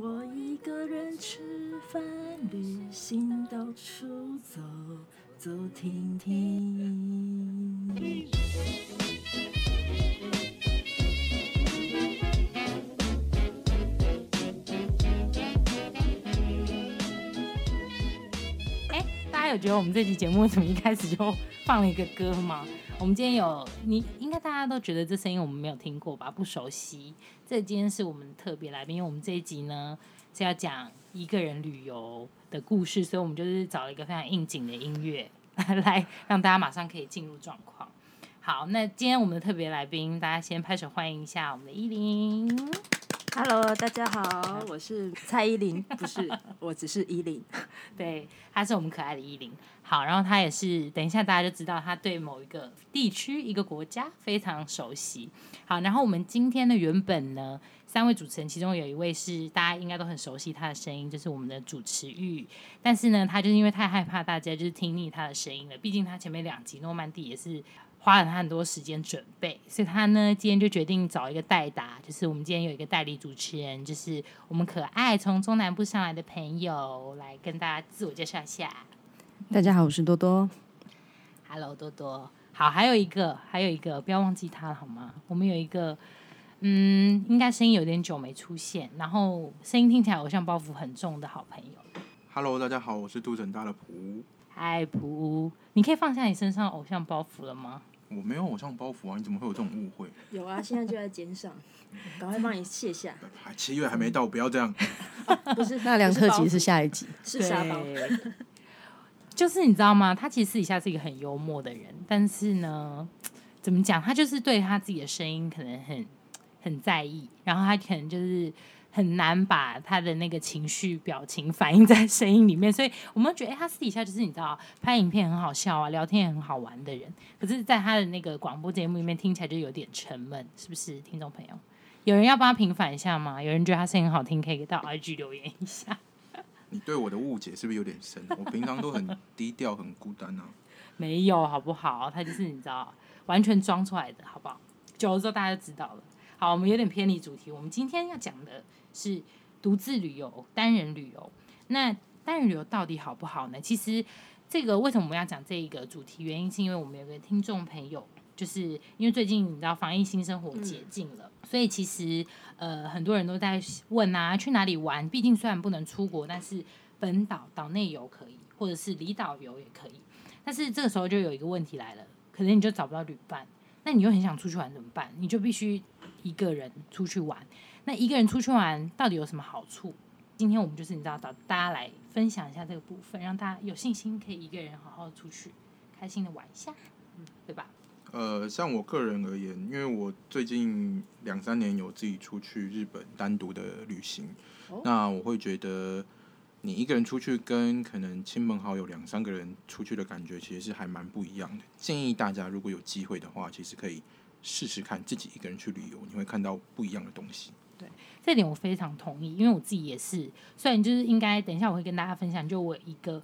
我一個人吃飯、旅行，到處走走停停。大家有覺得我們這期節目怎麼一開始就放了一個歌嗎？我們今天有，你應該大家都覺得這聲音我們沒有聽過吧，不熟悉。這今天是我們特別來賓，因為我們這一集呢是要講一個人旅遊的故事，所以我們就是找了一個非常應景的音樂來讓大家馬上可以進入狀況。好，那今天我們的特別來賓，大家先拍手歡迎一下我們的依林。Hello，大家好，我是蔡依林， 不是，我只是依林， 對，他是我們可愛的依林。好，然後他也是，等一下大家就知道，他對某一個地區、一個國家非常熟悉。好，然後我們今天的原本呢，三位主持人其中有一位是大家應該都很熟悉他的聲音，就是我們的主持玉，但是呢，他就是因為太害怕大家就是聽膩他的聲音了，畢竟他前面兩集《諾曼底》也是。花了他很多時間準備，所以他呢今天就決定找一個代打，就是我們今天有一個代理主持人，就是我們可愛從中南部上來的朋友來跟大家自我介紹一下。大家好，我是多多。Hello，多多。好，還有一個，還有一個，不要忘記他了好嗎？我們有一個，嗯，應該聲音有點久沒出現，然後聲音聽起來偶像包袱很重的好朋友。Hello，大家好，我是杜正大的普。嗨，普，你可以放下你身上的偶像包袱了嗎？我沒有偶像包袱啊！你怎麼會有這種誤會？有啊，現在就在肩上，趕 快幫你卸下。七月還沒到，不要這樣。 哦、不是， 那兩特輯是下一集。是下一集。就是你知道嗎？他其實私底下是一個很幽默的人，但是呢，怎麼講？他就是對他自己的聲音可能很很在意，然後他可能就是。很難把他的那個情緒表情反映在聲音裡面，所以我們覺得，欸，他私底下就是你知道，拍影片很好笑啊，聊天也很好玩的人。可是，在他的那個廣播節目裡面，聽起來就有點沉悶，是不是，聽眾朋友？有人要幫他平反一下嗎？有人覺得他聲音很好聽，可以給到 IG 留言一下。你對我的誤解是不是有點深啊？ 我平常都很低調、很孤單啊。沒有，好不好？他就是你知道， 完全裝出來的，好不好？久了之後大家就知道了。好，我們有點偏離主題。我們今天要講的。是獨自旅遊、單人旅遊。那單人旅遊到底好不好呢？其實，這個為什麼我們要講這一個主題？原因是因為我們有個聽眾朋友，就是因為最近你知道防疫新生活解禁了，嗯，所以其實呃很多人都在問啊，去哪裡玩？畢竟雖然不能出國，但是本島島內遊可以，或者是離島遊也可以。但是這個時候就有一個問題來了，可能你就找不到旅伴，那你又很想出去玩怎麼辦？你就必須一個人出去玩。那一個人出去玩到底有什麼好處？今天我們就是你知道找大家來分享一下這個部分，讓大家有信心可以一個人好好出去，開心的玩一下，嗯，對吧？呃，像我個人而言，因為我最近兩三年有自己出去日本單獨的旅行，Oh? 那我會覺得你一個人出去跟可能親朋好友兩三個人出去的感覺其實是還蠻不一樣的。建議大家如果有機會的話，其實可以試試看自己一個人去旅遊，你會看到不一樣的東西。對，這點我非常同意，因為我自己也是，雖然就是應該等一下我會跟大家分享，就我一個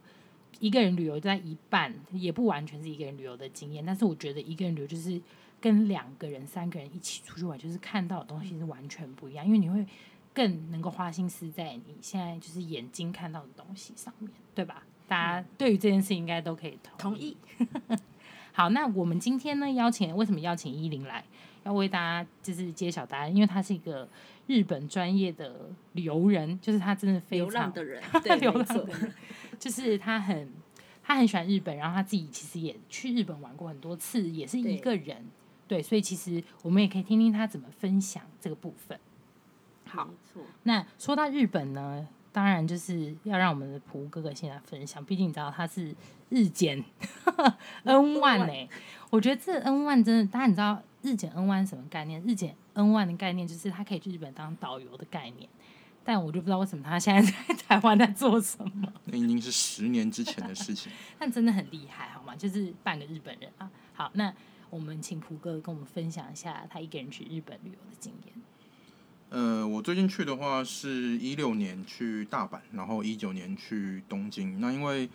一個人旅遊在一半，也不完全是一個人旅遊的經驗，但是我覺得一個人旅遊就是跟兩個人、三個人一起出去玩，就是看到的東西是完全不一樣，因為你會更能夠花心思在你現在就是眼睛看到的東西上面，對吧？大家對於這件事應該都可以同意。同意 好，那我們今天呢，邀請為什麼邀請依林來，要為大家就是揭曉答案，因為她是一個。日本專業的旅人，就是他真的非常的人，對， 流浪的人，就是他很他很喜歡日本，然後他自己其實也去日本玩過很多次，也是一個人，對，對，所以其實我們也可以聽聽他怎麼分享這個部分。好，錯那說到日本呢，當然就是要讓我們的蒲哥哥先來分享，畢竟你知道他是日檢 N1 誒，欸、我覺得這 N1 真的，大家你知道日檢 N1 什麼概念？日檢。1 N1 的概念就是他可以去日本當導遊的概念，但我就不知道為什麼他現在在台灣在做什麼。那已經是十年之前的事情。那 真的很厲害，好嗎？就是半個日本人啊。好，那我們請蒲哥跟我們分享一下他一個人去日本旅遊的經驗。呃，我最近去的話是一六年去大阪，然後一九年去東京。那因為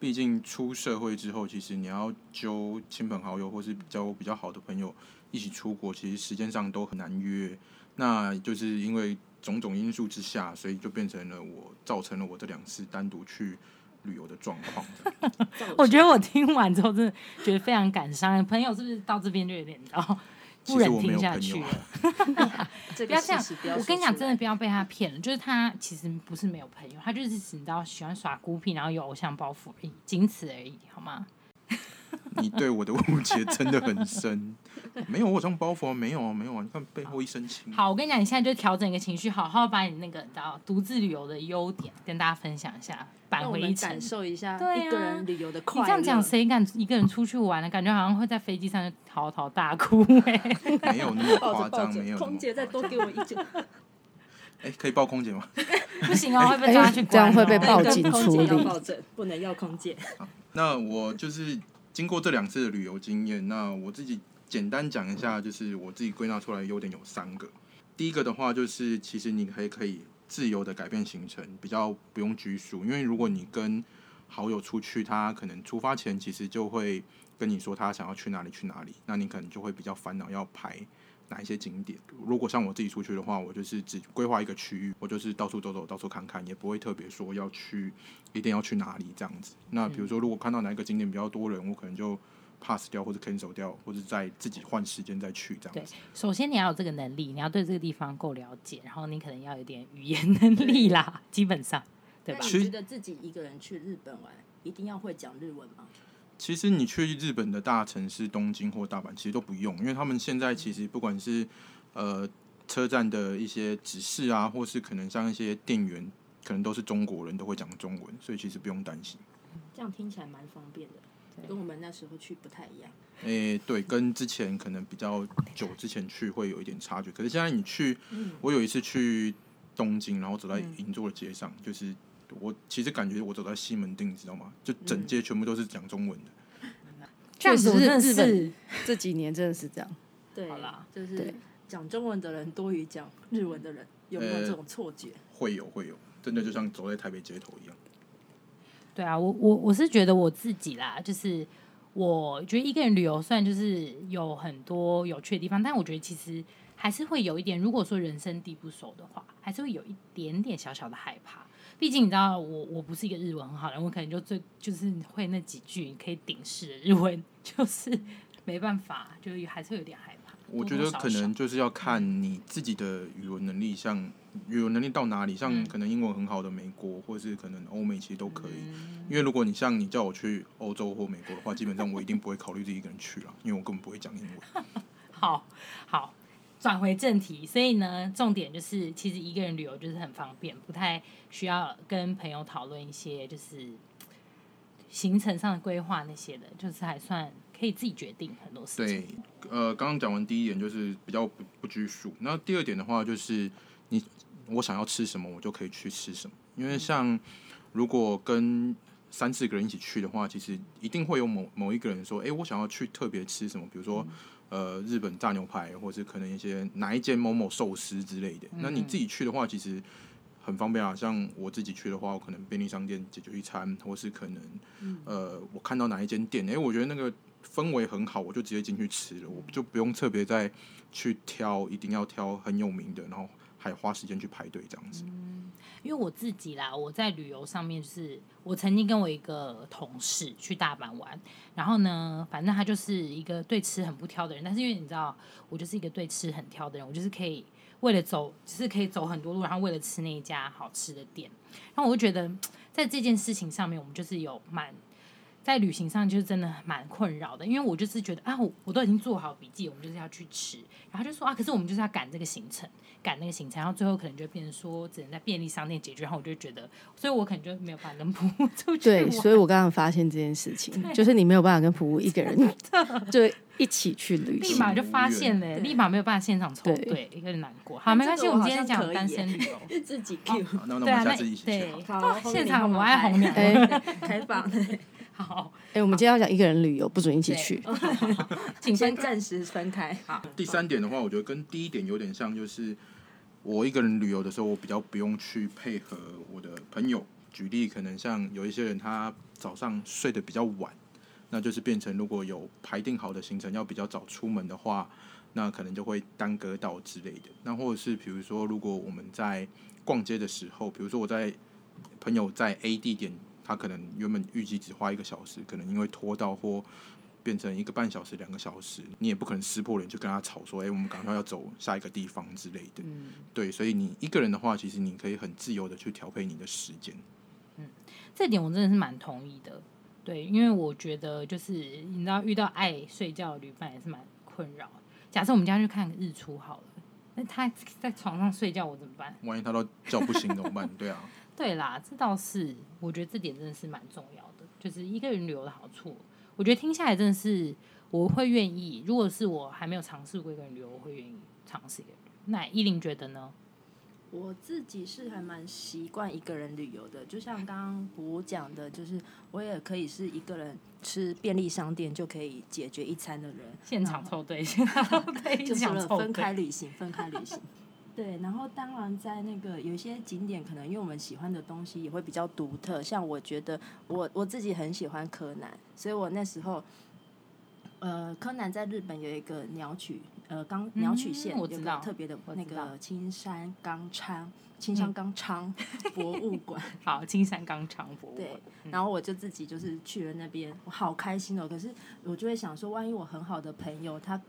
畢竟出社會之後，其實你要揪親朋好友，或是交比較好的朋友。一起出國，其實時間上都很難約。那就是因為種種因素之下，所以就變成了我造成了我這兩次單獨去旅遊的狀況的。 我覺得我聽完之後真的覺得非常感傷。朋友是不是到這邊就有點哦，不忍聽下去了？ 不要這講樣！說我跟你講，真的不要被他騙了。就是他其實不是沒有朋友，他就是你知道喜歡耍孤僻，然後有偶像包袱而已，僅此而已，好嗎？你對我的誤解真的很深，沒有我這種包袱、啊，沒有啊，沒有啊！你看背後一身輕。好，我跟你講，你現在就調整一個情緒，好好把你那個，然後獨自旅遊的優點跟大家分享一下，扳回一城，感受一下一個人旅遊的快樂、啊。你這樣講，誰敢一個人出去玩呢？感覺好像會在飛機上就嚎啕大哭哎、欸，沒有那麼誇張，抱著抱著沒有抱。空姐再多給我一句，哎、 欸，可以抱空姐嗎？不行哦，欸、會被抓去關。這樣、欸、對會被報警處理，不能要空姐。那我就是。經過這兩次的旅遊經驗，那我自己簡單講一下，就是我自己歸納出來的優點有三個。第一個的話，就是其實你可以可以自由的改變行程，比較不用拘束。因為如果你跟好友出去，他可能出發前其實就會跟你說他想要去哪裡去哪裡，那你可能就會比較煩惱要排。哪一些景點？如果像我自己出去的話，我就是只規劃一個區域，我就是到處走走，到處看看，也不會特別說要去，一定要去哪裡這樣子。那比如說，如果看到哪一個景點比較多人，我可能就 pass 掉或者 cancel 掉，或者再自己換時間再去這樣子。對，首先你要有這個能力，你要對這個地方夠了解，然後你可能要有點語言能力啦，是基本上，對吧？你覺得自己一個人去日本玩，一定要會講日文嗎？其實你去日本的大城市東京或大阪，其實都不用，因為他們現在其實不管是呃車站的一些指示啊，或是可能像一些店員，可能都是中國人，都會講中文，所以其實不用擔心。這樣聽起來蠻方便的，對跟我們那時候去不太一樣。誒、欸，對，跟之前可能比較久之前去會有一點差距。可是現在你去，我有一次去東京，然後走在銀座的街上，就是。我其實感覺我走在西門町，你知道嗎？就整街全部都是講中文的，嗯，確實是日本這幾年真的是這樣。 對，好啦，就是講對中文的人多於講日文的人，有沒有這種錯覺？嗯、呃，會有會有，真的就像走在台北街頭一樣。對啊，我我我是覺得我自己啦，就是我覺得一個人旅遊，雖然就是有很多有趣的地方，但我覺得其實還是會有一點，如果說人生地不熟的話，還是會有一點點小小的害怕。畢竟你知道我，我我不是一個日文很好的。我可能就最就是會那幾句你可以頂事的日文，就是沒辦法，就是還是會有點害怕。多多少少。我覺得可能就是要看你自己的語文能力，像語文能力到哪裡，像可能英文很好的美國，嗯、或者是可能歐美其實都可以。嗯、因為如果你像你叫我去歐洲或美國的話，基本上我一定不會考慮自己一個人去了， 因為我根本不會講英文。好好。好轉回正題，所以呢，重點就是，其實一個人旅遊就是很方便，不太需要跟朋友討論一些就是行程上的規劃那些的，就是還算可以自己決定很多事情。對，呃，剛剛講完第一點就是比較不，不拘束，那第二點的話就是你我想要吃什麼，我就可以去吃什麼，因為像如果跟三四個人一起去的話，其實一定會有某某一個人說，哎，我想要去特別吃什麼，比如說。嗯呃，日本炸牛排，或是可能一些哪一間某某壽司之類的，嗯、那你自己去的話，其實很方便啊。像我自己去的話，我可能便利商店解決一餐，或是可能、嗯、呃，我看到哪一間店，誒、欸，我覺得那個氛圍很好，我就直接進去吃了，我就不用特別再去挑，一定要挑很有名的，然後。還花時間去排隊這樣子，嗯，因為我自己啦，我在旅遊上面、就是，我曾經跟我一個同事去大阪玩，然後呢，反正他就是一個對吃很不挑的人，但是因為你知道，我就是一個對吃很挑的人，我就是可以為了走，只、就是可以走很多路，然後為了吃那一家好吃的店，然後我就覺得在這件事情上面，我們就是有蠻。在旅行上就是真的蠻困擾的，因為我就是覺得啊，我我都已經做好筆記，我們就是要去吃，然後就說啊，可是我們就是要趕這個行程，趕那個行程，然後最後可能就變成說只能在便利商店解決，然後我就覺得，所以我可能就沒有辦法跟普烏粗出去。對，所以我剛剛發現這件事情，就是你沒有辦法跟普烏粗一個人，就一起去旅行，立馬就發現了，立馬沒有辦法現場抽對，有點難過。好，沒關係，我們今天講單身旅遊，自己 Q，對啊，對，現場我愛紅娘，開放。好，哎、欸，好我們今天要講一個人旅遊，不准一起去，好好 請先暫時分開。好，第三點的話，我覺得跟第一點有點像，就是我一個人旅遊的時候，我比較不用去配合我的朋友。舉例，可能像有一些人，他早上睡得比較晚，那就是變成如果有排定好的行程要比較早出門的話，那可能就會耽擱到之類的。那或者是比如說，如果我們在逛街的時候，比如說我在朋友在 A 地點。他可能原本預計只花一個小時，可能因為拖到或變成一個半小時、兩個小時，你也不可能撕破臉就跟他吵說：“哎、欸，我們趕快要走下一個地方之類的。”嗯，對，所以你一個人的話，其實你可以很自由地去調配你的時間。嗯，這點我真的是蠻同意的。對，因為我覺得就是你知道遇到愛睡覺的旅伴也是蠻困擾。假設我們家去看日出好了，那他在床上睡覺我怎麼辦？萬一他都叫不醒怎麼辦？ 對啊。對啦，這倒是，我覺得這點真的是蠻重要的，就是一個人旅遊的好處。我覺得聽下來真的是，我會願意，如果是我還沒有嘗試過一個人旅遊，我會願意嘗試一個人。那依林覺得呢？我自己是還蠻習慣一個人旅遊的，就像剛剛我講的，就是我也可以是一個人吃便利商店就可以解決一餐的人，現場湊對，對後， 就除了分開旅行， 分開旅行。對，然後當然在那個有一些景點，可能因為我們喜歡的東西也會比較獨特。像我覺得我我自己很喜歡柯南，所以我那時候，呃，柯南在日本有一個鳥取，呃，岡鳥取縣、嗯，我知道特別的那個青山剛昌、青山剛昌博物館，嗯、 好，青山剛昌博物館。對，嗯、然後我就自己就是去了那邊，我好開心哦。可是我就會想說，萬一我很好的朋友他。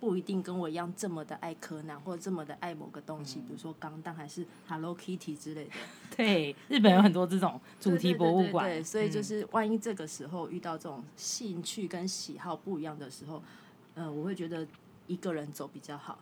不一定跟我一樣這麼的愛柯南，或者這麼的愛某個東西，嗯、比如說鋼彈還是 Hello Kitty 之類的。對，日本有很多這種主題博物館，對對對對，所以就是萬一這個時候遇到這種興趣跟喜好不一樣的時候，嗯、呃，我會覺得一個人走比較好。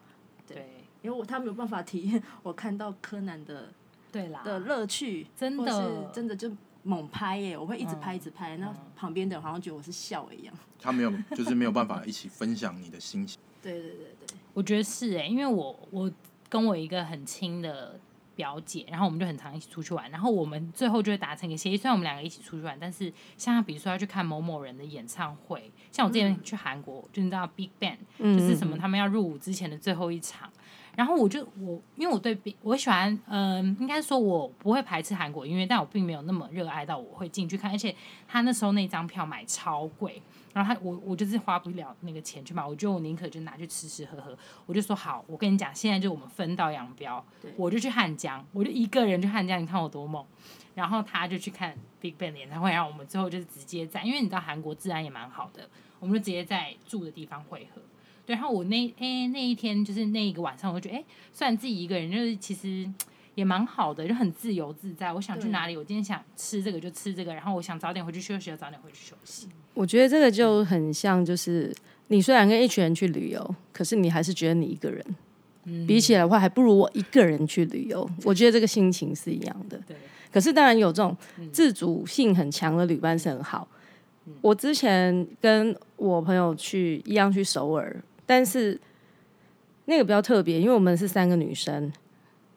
對，對，因為我他沒有辦法體驗我看到柯南的，對啦，的樂趣，真的，真的就。猛拍耶，欸！我會一直拍，一直拍。那、嗯、旁邊的人好像覺得我是笑一樣。他沒有，就是沒有辦法一起分享你的心情。 對，對對對對，我覺得是哎、欸，因為我我跟我一個很親的表姐，然後我們就很常一起出去玩。然後我們最後就會達成一個協議，雖然我們兩個一起出去玩，但是像比如說要去看某某人的演唱會，像我之前去韓國，嗯、就你知道 Big Bang，嗯、就是什麼，他們要入伍之前的最後一場。然後我就我，因為我對並我喜歡，嗯、呃，應該說我不會排斥韓國音樂，但我並沒有那麼熱愛到我會進去看。而且他那時候那張票買超貴，然後他我我就是花不了那個錢去買，我覺得我就寧可就拿去吃吃喝喝。我就說好，我跟你講，現在就我們分道揚鑣。對我就去漢江，我就一個人去漢江，你看我多猛。然後他就去看 BigBang 的演唱會，然後我們之後就是直接在，因為你知道韓國治安也蠻好的，我們就直接在住的地方匯合。對，然後我那天、欸、那一天就是那一個晚上，我就覺得哎、欸，雖然自己一個人，就是其實也蠻好的，就很自由自在。我想去哪裡，我今天想吃這個就吃這個，然後我想早點回去休息，早點回去休息。我覺得這個就很像，就是你雖然跟一群人去旅遊，可是你還是覺得你一個人。嗯、比起來的話，還不如我一個人去旅遊。對我覺得這個心情是一樣的。對。可是當然有這種自主性很強的旅伴是很好。嗯、我之前跟我朋友去一樣去首爾。但是那個比較特別，因為我們是三個女生，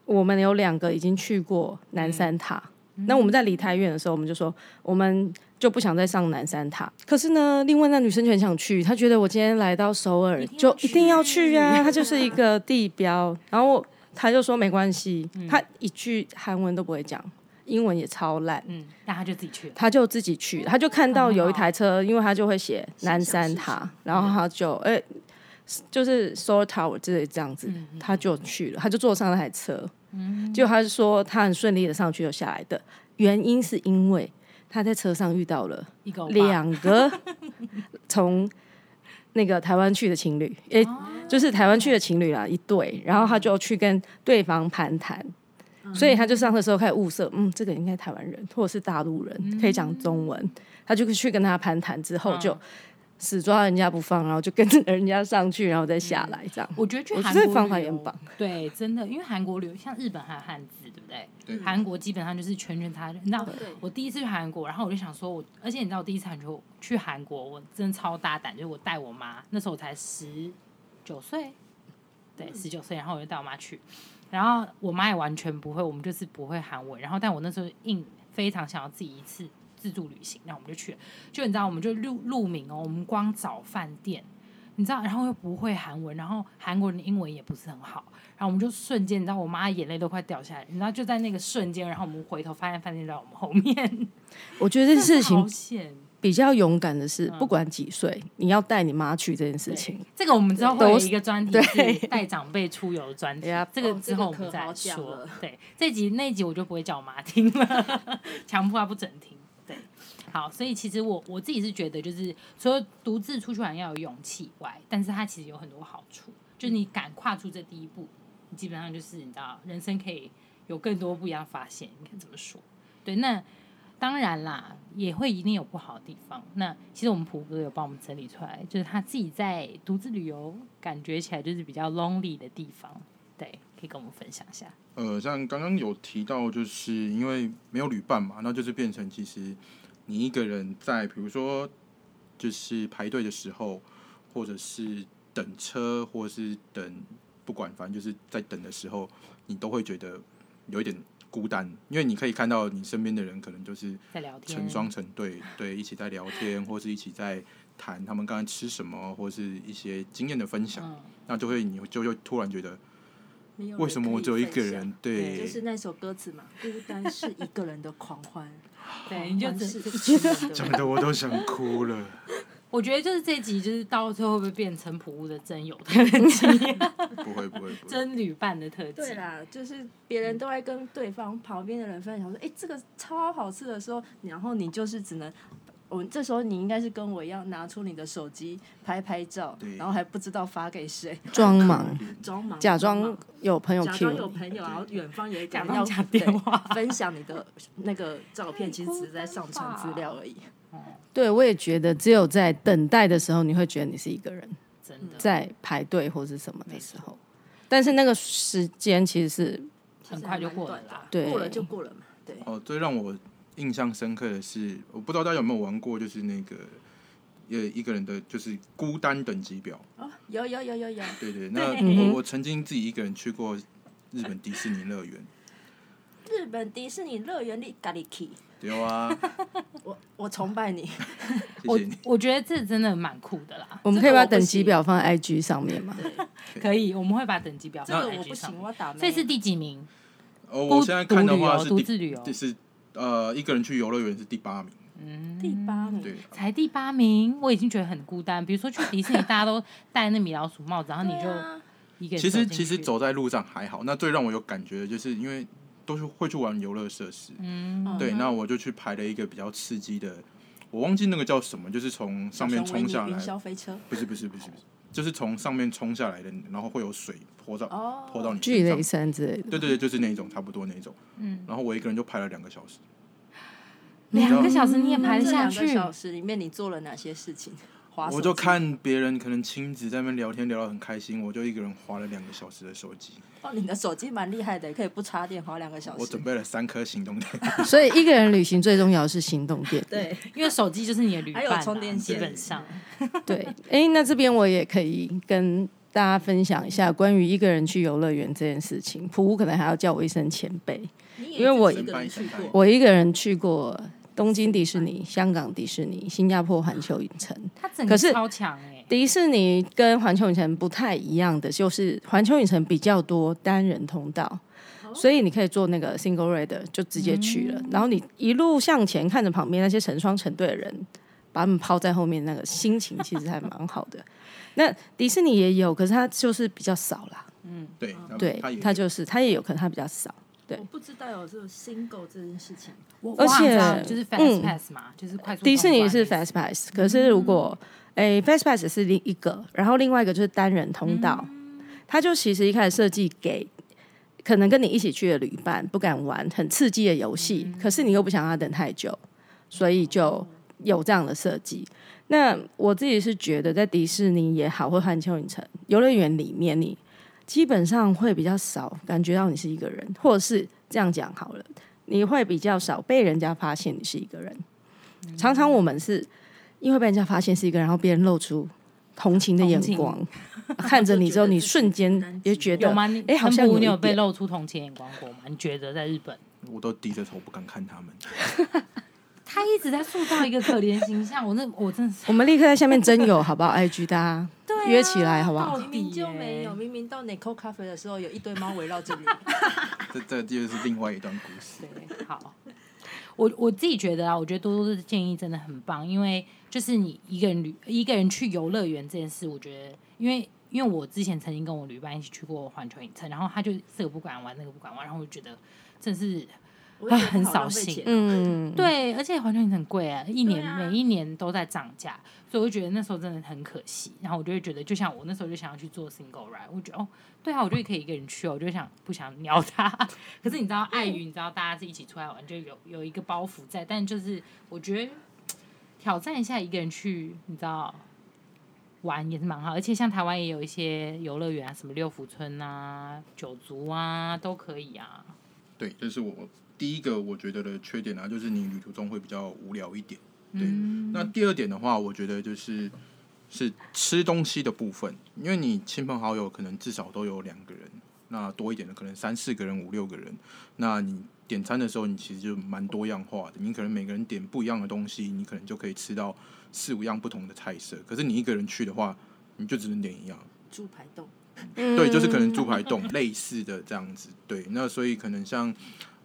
我們有兩個已經去過南山塔。嗯、那我們在梨泰院的時候，我們就說我們就不想再上南山塔。可是呢，另外那女生很想去，她覺得我今天來到首爾就一定要去呀，啊，她就是一個地標。嗯、然後她就說沒關係，她一句韓文都不會講，英文也超爛。嗯，那她就自己去了，她就自己去，她就看到有一台車，因為她就會寫南山塔，然後她就哎。欸就是 Soul Tower 之類這樣子，嗯嗯嗯、他就去了，他就坐上那台車，就、嗯、他是說他很順利的上去又下來的原因是因為他在車上遇到了兩個從那個台灣去的情侶，哎，就是台灣去的情侶啊，一對，然後他就去跟對方攀談，嗯、所以他就上車的時候開始物色，嗯，這個應該台灣人或者是大陸人、嗯、可以講中文，他就去跟他攀談之後就。嗯死抓人家不放，然後就跟人家上去，然後再下來這樣。嗯、我覺得去韓國，也很棒對，真的，因為韓國旅像日本還有漢字，對不對？韓、嗯、國基本上就是全全他人你知道，對我第一次去韓國，然後我就想說我，我而且你知道，我第一次去去韓國，我真的超大膽，就是我帶我媽，那時候我才十九歲，對，十九歲，然後我就帶我媽去，然後我媽也完全不會，我們就是不會韓文，然後但我那時候硬非常想要自己一次。自助旅行，那我們就去了。就你知道，我們就錄錄名哦。我們光找飯店，你知道，然後又不會韓文，然後韓國人英文也不是很好。然後我們就瞬間，你知道，我媽的眼淚都快掉下來。你知道，就在那個瞬間，然後我們回頭發現飯店在我們後面。我覺得這件事情比較勇敢的是，嗯、不管幾歲，你要帶你媽去這件事情。這個我們之後會有一個專題，帶長輩出遊專題。對啊、這個之後我們再說。講。對，這集那集我就不會叫我媽聽了，強迫她不准聽。好，所以其實我我自己是覺得，就是說獨自出去玩要有勇氣外，但是它其實有很多好處，就你敢跨出這第一步，你基本上就是你知道，人生可以有更多不一樣發現。你看怎麼說？對，那當然啦，也會一定有不好的地方。那其實我們普哥有幫我們整理出來，就是他自己在獨自旅遊感覺起來就是比較 lonely 的地方。對，可以跟我們分享一下。呃，像剛剛有提到，就是因為沒有旅伴嘛，那就是變成其實。你一個人在，比如說，就是排隊的時候，或者是等車，或者是等，不管，反正就是在等的時候，你都會覺得有一點孤單，因為你可以看到你身邊的人，可能就是成雙成對，在聊天。對，對，一起在聊天，或是一起在談他們剛才吃什麼，或是一些經驗的分享，嗯、那就會你就就突然覺得，為什麼我只有一個人？對，對，就是那首歌詞嘛，孤單是一個人的狂歡。 對，你就覺得的我都想哭了。我覺得就是這集，就是到最後會不會變成普烏的真有特技不會不會不會，真旅伴的特技。對啦，就是別人都愛跟對方旁邊的人分享說：“哎，這個超好吃”的時候，然後你就是只能。我們這時候，你應該是跟我一樣拿出你的手機拍拍照，然後還不知道發給誰，裝忙，裝忙，假裝有朋友 cue 你，假裝有朋友，然後遠方也要假裝有電話分享你的那個照片，哎、其實只是在上傳資料而已。嗯、對，我也覺得，只有在等待的時候，你會覺得你是一個人，在排隊或是什麼的時候，但是那個時間其實是很快就過了，對，過了就過了嘛。對，哦，最讓我。印象深刻的是，我不知道大家有沒有玩過，就是那個呃一個人的，就是孤單等級表，oh, 有有有有有， 對，對對，那我我曾經自己一個人去過日本迪士尼樂園， 日本迪士尼樂園的咖喱雞，有啊， 我我崇拜你， 謝謝你，我我覺得這真的蠻酷的啦，我們可以把等級表放在 IG 上面嗎？可以，我們會把等級表這個，我不行，我打妹，這後是第幾名？哦，我現在看到的話是獨自、哦、是。呃，一個人去遊樂園是第八名，嗯，第八名，對，才第八名，我已經覺得很孤單。比如說去迪士尼，大家都戴那米老鼠帽子，然後你就一個人。人。其實其實走在路上還好，那最讓我有感覺的就是因為都是會去玩遊樂設施，嗯，對，嗯、那我就去排了一個比較刺激的，我忘記那個叫什麼，就是從上面衝下來，雲霄飛車，不是，不是不是不是，不是，就是從上面衝下來的，然後會有水潑到，哦，潑到你身上，巨雷山之類的，對對對，就是那種，差不多那種，嗯，然後我一個人就排了兩個小時。兩個小時你也排得下去？嗯、你兩個小時裡面你做了哪些事情？我就看別人可能親子在那邊聊天聊得很開心，我就一個人滑了兩個小時的手機。哦，你的手機蠻厲害的，可以不插電滑兩個小時。我準備了三顆行動電。 所以一個人旅行最重要的是行動電。 對，因為手機就是你的旅伴啊。還有充電線。基本上。對，哎對， 那這邊我也可以跟大家分享一下關於一個人去遊樂園這件事情。普普可能還要叫我一聲前輩，因為我一個人，過我一個人去過。東京迪士尼、香港迪士尼、新加坡環球影城，它、啊、整體超強、欸、可是迪士尼跟環球影城不太一樣的就是，環球影城比較多單人通道，哦、所以你可以坐那個 single rider 就直接去了。嗯、然後你一路向前看着旁邊那些成雙成對的人，把他們拋在後面，那個心情其實還蠻好的。哦、 那迪士尼也有，可是它就是比較少啦。嗯，對，對，它就是它也有，就是、也有可能它比較少。對我不知道有這個 single 這件事情，我我、啊嗯、就是 fast pass 嘛，嗯、就是快速，迪士尼是 fast pass，可是如果哎、嗯、fast pass 是另一個，然後另外一個就是單人通道，他、嗯、就其實一開始設計給可能跟你一起去的旅伴不敢玩很刺激的遊戲，嗯、可是你又不想要等太久，所以就有這樣的設計。那我自己是覺得，在迪士尼也好，或環球影城遊樂園裡面，你。基本上會比較少感覺到你是一個人，或者是這樣講好了，你會比較少被人家發現你是一個人。嗯、常常我們是因為被人家發現是一個人，然後別人露出同情的眼光，情啊、看着你之後， 得你瞬間也覺得，哎，好像有一點你有被露出同情眼光過嗎？你覺得在日本，我都低着頭不敢看他們。 他一直在塑造一個可憐形象，我那我真的是。 我們立刻在下面徵友好不好？IG 的啊，約起來好不好？明明就沒有，明明到 Nico 咖啡的時候，有一堆貓圍繞着你。 這這就是另外一段故事。對，好，我我自己覺得啊，我覺得多多的建議真的很棒，因為就是你一個人旅，一個人去遊樂園這件事，我覺得，因為因為我之前曾經跟我旅伴一起去過環球影城，然後他就這個不敢玩，那個不敢玩，然後我就覺得真的是。我很啊，很掃興。嗯，對，嗯、而且環球影城很貴啊，一年、啊、每一年都在漲價，所以我覺得那時候真的很可惜。然後我就會覺得，就像我那時候就想要去做 single ride，我覺得哦，對啊，我就可以一個人去，我就想不想鳥他。 可是你知道，礙於對你知道大家是一起出來玩，就有有一個包袱在。但就是我覺得挑戰一下一個人去，你知道玩也是蠻好。而且像台灣也有一些遊樂園啊，什麼六福村吶、啊、九族啊，都可以啊。對，這、就是我。第一個我覺得的缺點呢、啊，就是你旅途中會比較無聊一點。對，嗯、那第二點的話，我覺得就是是吃東西的部分，因為你親朋好友可能至少都有兩個人，那多一點的可能三四個人、五六個人，那你點餐的時候，你其實就蠻多樣化的。你可能每個人點不一樣的東西，你可能就可以吃到四五樣不同的菜色。可是你一個人去的話，你就只能點一樣，豬排丼。對，就是可能豬排丼類似的這樣子。對，那所以可能像。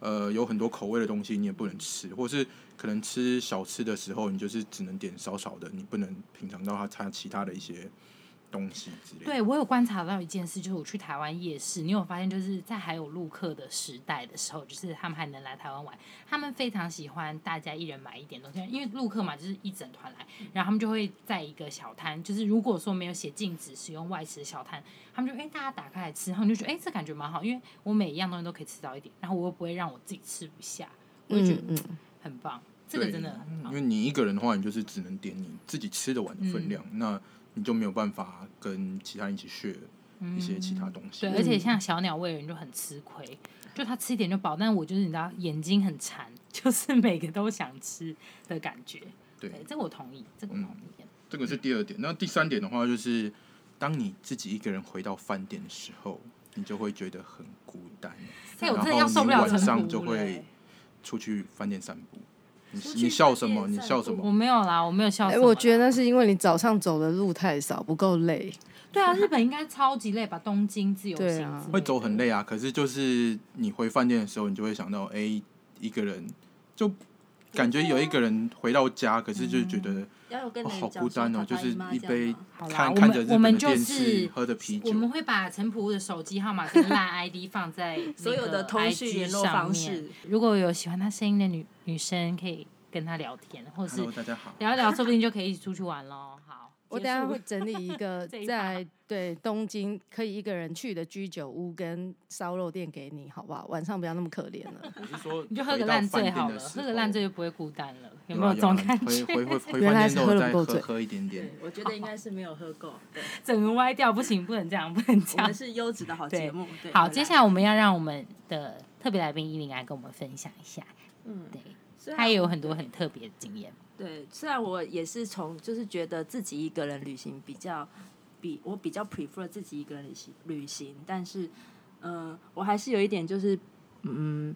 呃，有很多口味的東西你也不能吃，或是可能吃小吃的時候，你就是只能點少少的，你不能品嘗到它它其他的一些東西之類。對，我有觀察到一件事，就是我去台灣夜市，你有發現就是在還有陸客的時代的時候，就是他們還能來台灣玩，他們非常喜歡大家一人買一點東西，因為陸客嘛就是一整團來，然後他們就會在一個小攤，就是如果說沒有寫禁止使用外食的小攤。他們就哎、欸，大家打開來吃，然後你就覺得哎、欸，這感覺蠻好，因為我每一樣東西都可以吃到一點，然後我又不會讓我自己吃不下，我就覺得、嗯、很棒。對這個真的很好，因為你一個人的話，你就是只能點你自己吃得完的分量，嗯、那你就沒有辦法跟其他人一起 share、嗯、一些其他東西。對，嗯、而且像小鳥胃的人就很吃虧，就他吃一點就飽，但我就是你知道眼睛很饞，就是每個都想吃的感覺。對，對，這個我同意，這個同意。嗯、這個是第二點，對那第三點的話就是。當你自己一個人回到飯店的時候，你就會覺得很孤單。欸、然後你晚上就會出去飯店散步。散步你笑什麼？散步。你笑什麼？我沒有啦，我沒有笑。哎、欸，我覺得那是因為你早上走的路太少，不夠累。對啊，日本應該超級累吧？東京自由行對、啊、會走很累啊。可是就是你回飯店的時候，你就會想到，哎、欸，一個人就。感覺有一個人回到家，可是就是覺得好孤單哦，就是一杯看們看着這個電視，我們就是、喝着啤酒。我們會把陳普的手機號碼跟 LINE ID 放在所有的通訊聯絡方式。如果有喜歡他聲音的女女生，可以跟他聊天，或是聊一聊， 說不定就可以一起出去玩咯我等一下會整理一個在 一把對東京可以一個人去的居酒屋跟燒肉店給你，好不好？晚上不要那麼可憐了，你就喝個爛醉好了，喝個爛醉就不會孤單了，有沒有總？裝看？淨，原來是喝得不夠醉，喝一點點。我覺得應該是沒有喝夠，oh. 整個歪掉不行，不能這樣，不能這樣。我們是優質的好節目對，好，接下來我們要讓我們的特別來賓依林來跟我們分享一下，對，嗯、他也有很多很特別的經驗。對，雖然我也是從就是覺得自己一個人旅行比較比我比較 prefer 自己一個人旅行旅行，但是嗯、呃，我還是有一點就是嗯，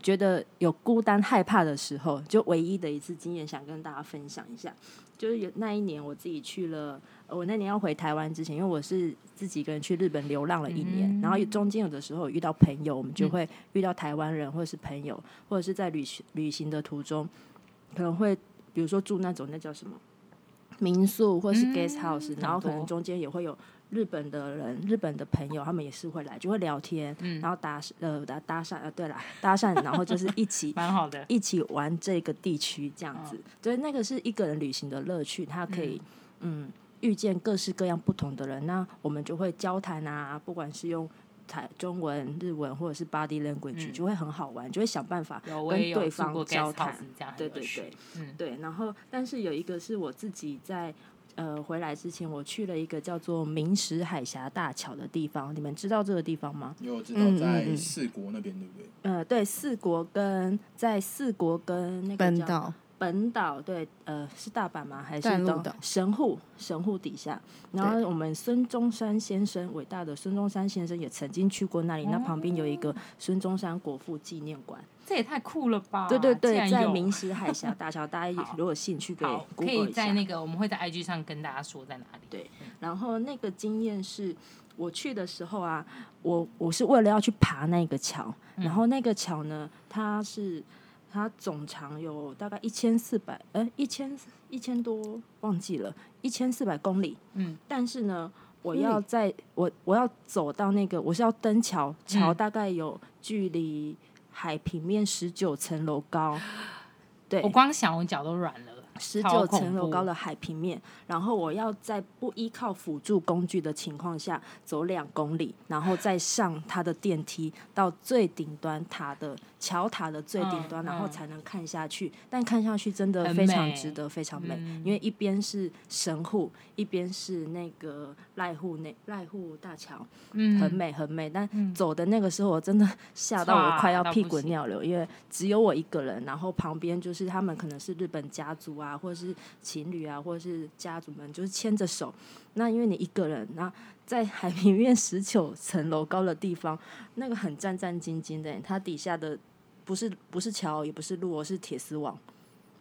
覺得有孤單害怕的時候，就唯一的一次經驗想跟大家分享一下，就是有那一年我自己去了，我那年要回台灣之前，因為我是自己一個人去日本流浪了一年，Mm-hmm. 然後中間有的時候遇到朋友，我們就會遇到台灣人或者是朋友，或者是在旅行旅行的途中可能會。比如說住那種那叫什麼民宿或是 guest house、嗯、然後可能中間也會有日本的人，嗯、日本的朋友，他們也是會來，就會聊天，嗯、然後搭呃搭搭訕啊，對啦搭訕，然後就是一起蠻好的一起玩這個地區這樣子，所以，哦、那個是一個人旅行的樂趣，他可以嗯，嗯遇見各式各樣不同的人，那我們就會交談啊，不管是用。台中文、日文或者是 body language，嗯、就會很好玩，就會想辦法有跟對方交談。對對對，嗯，對。然後，但是有一個是我自己在呃回來之前，我去了一個叫做明石海峽大橋的地方。你們知道這個地方嗎？有知道在四國那邊對不對？呃、嗯，對，四國跟在四國跟那個叫。本島對，呃，是大阪嗎？還是神戶？神戶底下。然後我們孫中山先生，偉大的孫中山先生也曾經去過那裡。哦、那旁邊有一個孫中山國父紀念館，這也太酷了吧、啊！對對對，在明石海峽大橋， 大家如果有興趣可以好。可以在那個，我們會在 IG 上跟大家說在哪裡。對，然後那個經驗是我去的時候啊，我我是為了要去爬那個橋，嗯、然後那個橋呢，它是。它總長有大概一千四百，哎，一千一千多，忘記了，一千四百公里。嗯，但是呢，我要在，嗯，我我要走到那個，我是要登橋，橋大概有距離海平面十九層樓高。嗯、對，我光想，我腳都軟了。十九層樓高的海平面，然後我要在不依靠輔助工具的情況下走兩公里，然後再上它的電梯到最頂端塔的橋塔的最頂端，嗯、然後才能看下去。嗯、但看下去真的非常值得，很美、非常美，嗯、因為一邊是神戶，一邊是那個瀨戶瀨戶大橋，嗯，很美很美。但走的那個時候，我真的嚇到我快要屁滾尿流，因為只有我一個人，然後旁邊就是他們，可能是日本家族啊。啊，或者是情侶啊，或者是家族們，就是牽着手。那因為你一個人，那在海平面十九層樓高的地方，那個很戰戰兢兢的、欸。它底下的不是不是橋，也不是路，而是鐵絲網。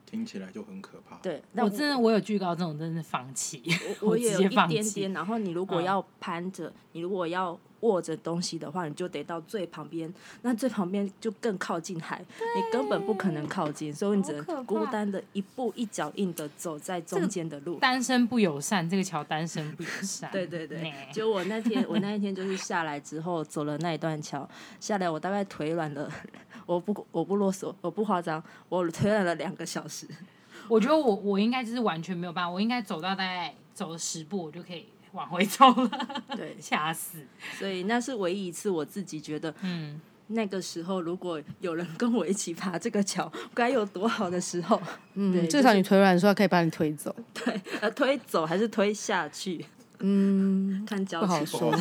聽起來就很可怕。對，但我，我真的我有懼高症，真的放棄。我 我也有一點點。然後你如果要攀着，嗯、你如果要。握着東西的話，你就得到最旁邊，那最旁邊就更靠近海，對你根本不可能靠近，所以你只能孤單的一步一腳印的走在中間的路。單身不友善，這個橋單身不友善。 對對對，就、欸、我那天，我那一天就是下來之後走了那一段橋，下來我大概腿軟了，我不我不囉嗦，我不誇張，我腿軟了兩個小時。我覺得我我應該就是完全沒有辦法，我應該走到大概走了十步我就可以往回走了，對，嚇死！所以那是唯一一次我自己覺得，嗯，那個時候如果有人跟我一起爬這個橋，該有多好的時候。嗯，至少你腿軟的時候可以把你推走。對，呃，推走還是推下去？嗯，看腳。不好說。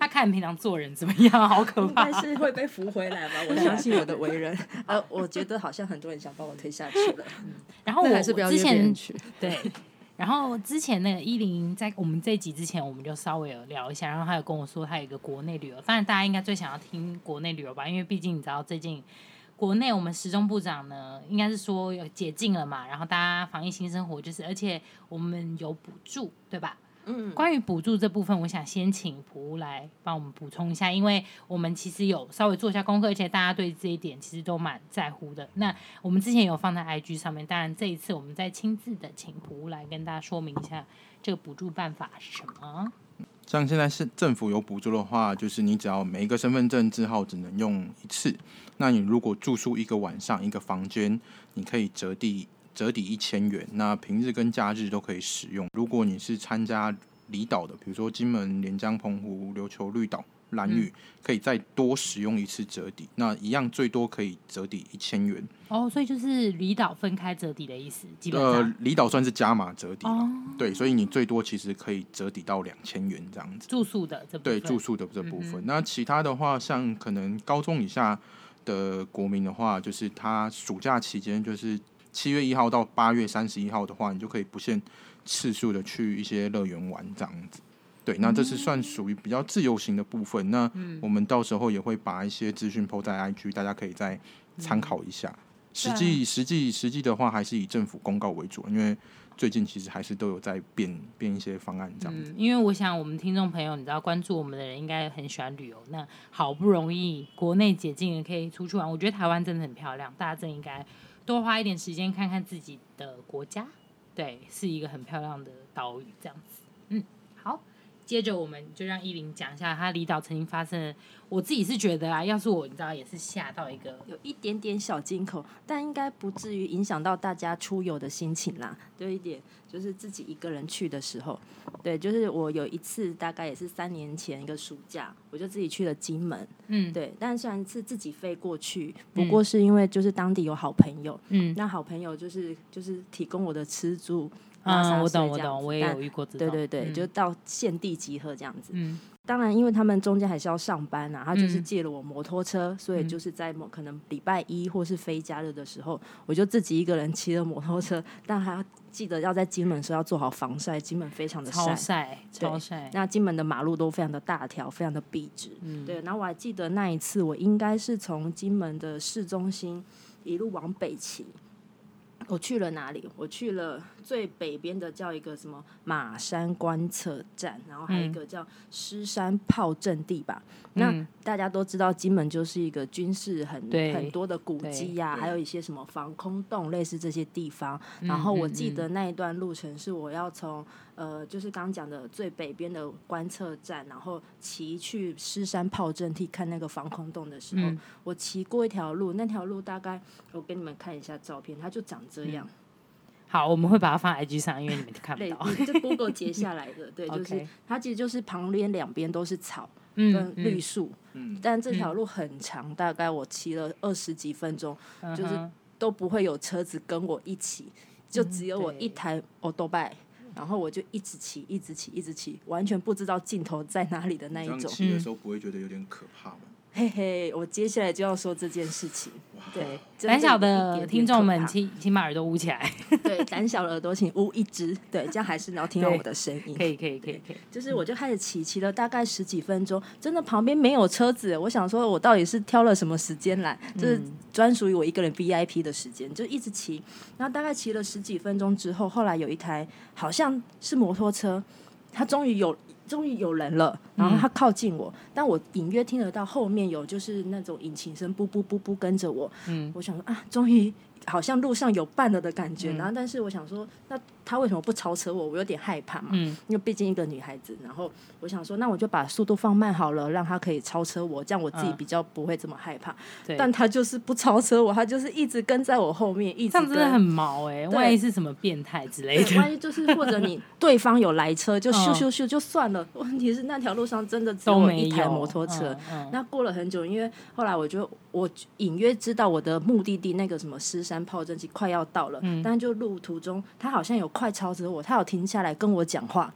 他看你平常做人怎麼樣，好可怕。是會被扶回來吧？我相信我的為人。呃，我覺得好像很多人想把我推下去了。嗯，然後我是之前對。然後之前那個依琳在我們這集之前，我們就稍微有聊一下。然後他有跟我說他有一個國內旅遊，但是大家應該最想要聽國內旅遊吧？因為畢竟你知道最近國內我們時中部長呢應該是說有解禁了嘛，然後大家防疫新生活就是，而且我們有補助，對吧？關於補助這部分，我想先請普烏來幫我們補充一下，因為我們其實有稍微做一下功課，而且大家對這一點其實都蠻在乎的。那我們之前有放在 IG 上面，當然這一次我們再親自的請普烏來跟大家說明一下這個補助辦法是什麼？像現在是政府有補助的話，就是你只要每一個身份證字號只能用一次。那你如果住宿一個晚上一個房間，你可以折抵，折抵一千元，那平日跟假日都可以使用。如果你是參加離島的，比如說金門、連江、澎湖、琉球綠島、蘭嶼，嗯、可以再多使用一次折抵，那一樣最多可以折抵一千元。哦，所以就是離島分開折抵的意思，基本上呃，離島算是加碼折抵，哦、對，所以你最多其實可以折抵到兩千元這樣子。住宿的這部分，對，住宿的這部分。嗯嗯，那其他的話，像可能高中以下的國民的話，就是他暑假期間就是。七月一號到八月三十一號的話，你就可以不限次數的去一些樂園玩這樣子。對，那這是算屬於比較自由型的部分。那我們到時候也會把一些資訊 po 在 IG，大家可以再參考一下。實際、實際、實際的話，還是以政府公告為主，因為最近其實還是都有在變變一些方案這樣子。嗯、因為我想，我們聽眾朋友，你知道關注我們的人應該很喜歡旅遊。那好不容易國內解禁也可以出去玩，我覺得台灣真的很漂亮，大家真應該。多花一點時間看看自己的國家，對，是一個很漂亮的島嶼，這樣子，嗯，好，接着我們就讓依琳講一下她離島曾經發生的。我自己是覺得啊，要是我你知道也是嚇到一個有一點點小驚恐，但應該不至於影響到大家出遊的心情啦。就一點就是自己一個人去的時候，對，就是我有一次大概也是三年前一個暑假，我就自己去了金門，嗯，對。但雖然是自己飛過去，不過是因為就是當地有好朋友，嗯，那好朋友就是就是提供我的吃住，嗯，我懂我懂，我也有遇過這種，對對對，嗯，就到現地集合這樣子，嗯。當然，因為他們中間還是要上班吶、啊，他就是借了我摩托車，嗯、所以就是在某可能禮拜一或是非假日的時候，嗯、我就自己一個人騎了摩托車。但還要記得要在金門時候要做好防曬，金門非常的曬，超曬。那金門的馬路都非常的大條，非常的筆直。嗯、對。然後我還記得那一次，我應該是從金門的市中心一路往北騎。我去了哪裡？我去了最北邊的叫一個什麼馬山觀測站，然後還有一個叫獅山炮陣地吧。嗯、那大家都知道，金門就是一個軍事很對很多的古跡呀，啊，還有一些什麼防空洞，類似這些地方。嗯、然後我記得那一段路程是我要從，嗯嗯、呃，就是剛講的最北邊的觀測站，然後騎去獅山炮陣地看那個防空洞的時候，嗯、我騎過一條路，那條路大概我給你們看一下照片，它就長這樣。嗯、好，我們會把它放在 IG 上，因為你們看不到。對，這 Google 截下來的， 對，就是 Okay. 它其實就是旁邊兩邊都是草。跟綠樹，嗯嗯、但這條路很長，嗯、大概我騎了二十幾分鐘，嗯、就是都不會有車子跟我一起，嗯、就只有我一台歐都拜，然後我就一直騎，一直騎，一直騎，完全不知道盡頭在哪裡的那一種。騎的時候不會覺得有點可怕嗎？嗯嘿嘿，hey, hey, 我接下來就要說這件事情。對，膽 Okay. 小的聽眾們起，請請把耳朵捂起來。 對，膽小的耳朵請捂一隻。對，這樣還是能聽到我的聲音。可以，可以，可以，可以。就是我就開始騎，騎了大概十幾分鐘，真的旁邊沒有車子。我想說，我到底是挑了什麼時間來，就是專屬於我一個人 VIP 的時間，就一直騎。然後大概騎了十幾分鐘之後，後來有一台好像是摩托車，它終於有。終於有人了，然後他靠近我，嗯、但我隱約聽得到後面有就是那種引擎聲，布布布布跟着我。嗯，我想說啊，終於好像路上有伴了的感覺。嗯、然後，但是我想說那。他為什麼不超車我？我有點害怕嘛，嗯、因為畢竟一個女孩子。然後我想說，那我就把速度放慢好了，讓他可以超車我，這樣我自己比較不會這麼害怕。嗯、但他就是不超車我，他就是一直跟在我後面，一直跟，這樣真的很毛哎、欸，對萬一是什麼變態之類的？萬一就是或者你對方有來車，就咻咻咻就算了。嗯、問題是那條路上真的都沒有一台摩托車。嗯嗯、那過了很久，因為後來我就我隱約知道我的目的地那個什麼獅山炮陣地快要到了，嗯、但就路途中他好像有。快超着我，他有停下來跟我講話，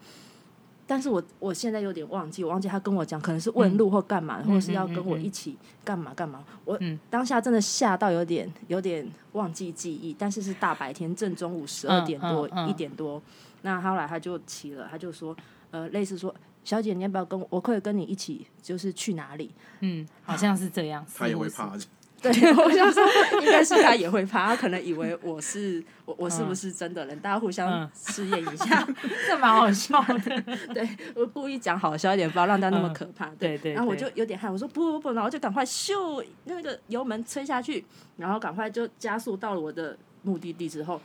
但是我我現在有點忘記，我忘記他跟我講可能是問路或幹嘛，嗯、或是要跟我一起幹嘛幹嘛。嗯嗯嗯、我、嗯、當下真的嚇到有點有點忘記記憶，但是是大白天正中午十二點多一、嗯嗯嗯、點多，那後來他就起了，他就說呃類似說，小姐你要不要跟我，我可以跟你一起就是去哪裡？嗯，好像是這樣，啊、是是他也會怕。對，我想說應該是他也會怕，他可能以為我是我我是不是真的人，大家互相試驗一下，嗯嗯、 這蠻好笑的。 對我故意講好笑一點，不要讓大家那麼可怕。對、嗯、對，對對然後我就有點害，我說不不不，不，然後就趕快咻那個油門催下去，然後趕快就加速到了我的目的地之後，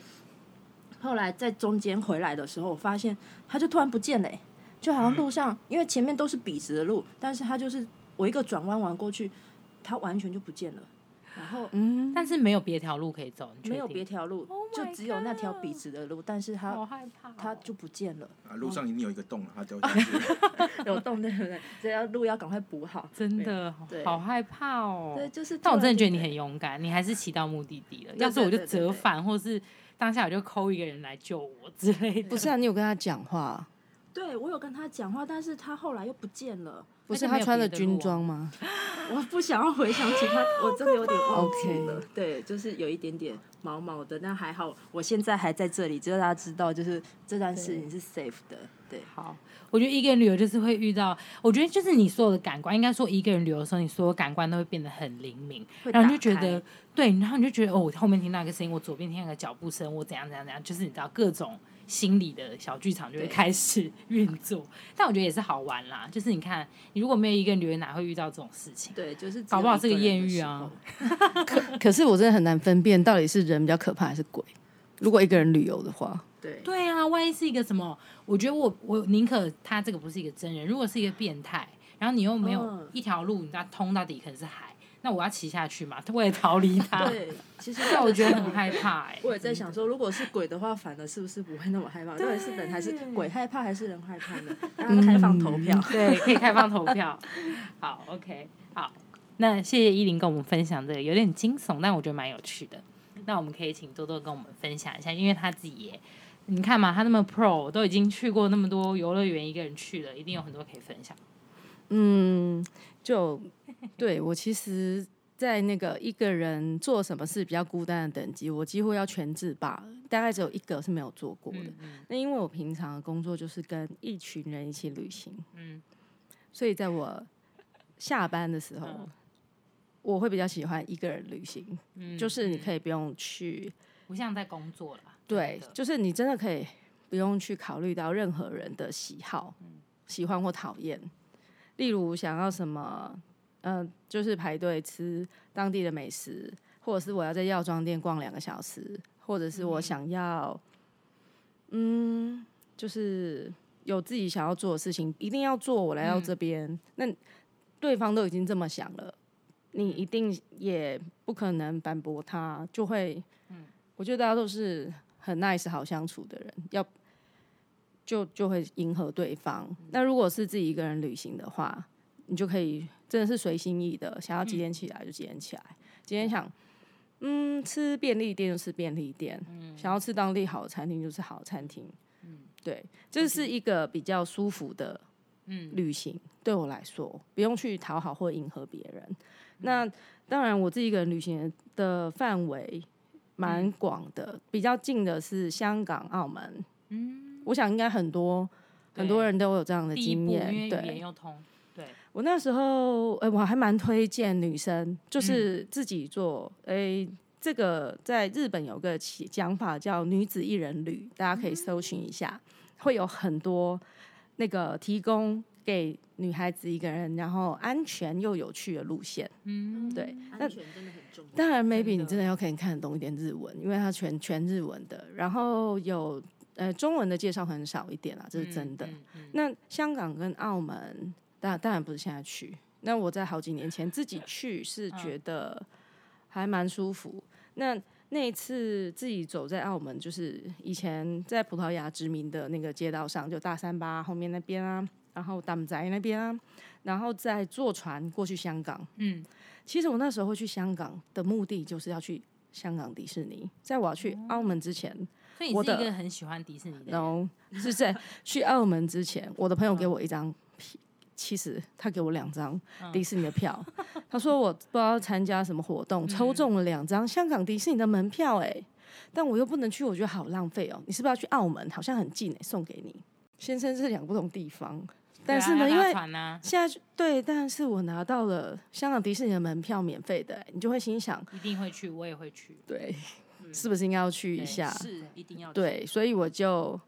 後來在中間回來的時候，我發現他就突然不見了、欸，就好像路上、嗯、因為前面都是筆直的路，但是他就是我一個轉彎彎過去，他完全就不見了。然後，嗯，但是沒有別條路可以走，沒有別條路，就只有那條筆直的路，但是他，他就不見了。啊，路上一定有一個洞了，它就。有洞對不對？這條路要趕快補好。真的，好害怕哦。對，就是，但我真的覺得你很勇敢，你還是騎到目的地了。要是我就折返，或是當下我就扣一個人來救我之類的。不是啊，你有跟他講話。對，我有跟他講話，但是他後來又不見了。那個 不是他穿的軍裝嗎？我， 我不想要回想起他， 怕我真的有點忘記了。對，就是有一點點毛毛的，但還好，我現在還在這裡，只要他知道，就是這段事情是 safe 的。對，對。好，我覺得一個人旅遊就是會遇到，我覺得就是你所有的感官，應該說一個人旅遊的時候，你所有感官都會變得很靈敏，然後就覺得對，然後你就覺得哦，我後面聽那個聲音，我左邊聽那個腳步聲，我怎樣怎樣怎樣，就是你知道各種。心裡的小劇場就會開始運作，對但我覺得也是好玩啦。就是你看，你如果沒有一個人哪會遇到這種事情？對，就是搞不好是個豔遇啊。可可是我真的很難分辨到底是人比較可怕還是鬼。如果一個人旅遊的話，對對啊，萬一是一個什麼？我覺得我我寧可他這個不是一個真人，如果是一個變態，然後你又沒有一條路，你知道通到底可能是海。嗯那我要騎下去嘛，他為了逃離他。 對，其實但、那個、 我覺得很害怕哎、欸。我也在想說，的如果是鬼的話，反而是不是不會那麼害怕？對到底是人還是鬼害怕，還是人害怕呢？剛剛開放投票，嗯、 對，可以開放投票。 好，OK，好，那謝謝依林跟我們分享這個有點驚悚，但我覺得蠻有趣的。那我們可以請多多跟我們分享一下，因為他自己也，你看嘛，他那麼 pro，都已經去過那麼多遊樂園，一個人去了，一定有很多可以分享。嗯。就對我，其實，在那個一個人做什麼事比較孤單的等級，我幾乎要全制霸了，大概只有一個是沒有做過的。嗯嗯、那因為我平常的工作就是跟一群人一起旅行，嗯，所以在我下班的時候，嗯、我會比較喜歡一個人旅行，嗯，就是你可以不用去，不像在工作了，對，這個、就是你真的可以不用去考慮到任何人的喜好，嗯、喜歡或討厭。例如想要什麼，嗯、呃，就是排隊吃當地的美食，或者是我要在藥妝店逛兩個小時，或者是我想要，嗯,嗯，就是有自己想要做的事情，一定要做。我來到這邊，那、嗯、對方都已經這麼想了，你一定也不可能反駁他，就會，嗯，我覺得大家都是很 nice、好相處的人，要。就就會迎合對方。嗯、那如果是自己一個人旅行的話，你就可以真的是隨心意的，想要幾點起來就幾點起來。嗯、今天想，嗯，吃便利店就吃便利店，嗯、想要吃當地好的餐廳就是好的餐廳。嗯，對，這是一個比較舒服的旅行。嗯、對我來說，不用去討好或迎合別人。嗯、那當然，我自己一個人旅行的範圍蠻廣的，嗯、比較近的是香港、澳門，嗯。我想應該很多對很多人都有這樣的經驗，對。對我那時候，哎、欸，我還蠻推薦女生就是自己做。哎、嗯欸，這個在日本有個講法叫女子一人旅，大家可以搜尋一下，嗯、會有很多那個提供給女孩子一個人然後安全又有趣的路線。嗯，對。那安全真的很重要。當然，maybe 你真的要可以看得懂一點日文，的因為它全全日文的，然後有。呃，中文的介紹很少一點啊，這是真的。嗯嗯嗯、那香港跟澳門，當然當然不是現在去。那我在好幾年前自己去，是覺得還蠻舒服。嗯、那那一次自己走在澳門，就是以前在葡萄牙殖民的那個街道上，就大三巴後面那邊啊，然後氹仔那邊啊，然後再坐船過去香港。嗯，其實我那時候會去香港的目的就是要去香港迪士尼，在我要去澳門之前。哦所以你是一個很喜歡迪士尼的人？的 no, 是在去澳門之前， 我的朋友給我一張，其實他給我兩張迪士尼的票。嗯、 他說我不知道要參加什麼活動，抽中了兩張香港迪士尼的門票，欸，哎，但我又不能去，我覺得好浪費哦，喔。你是不是要去澳門？好像很近哎，欸，送給你。先生是兩個不同地方，但是呢，啊啊、因為現在對，但是我拿到了香港迪士尼的門票，免費的，欸，你就會心想一定會去，我也會去，對。是不是應該要去一下？是一定要去。對，所以我就，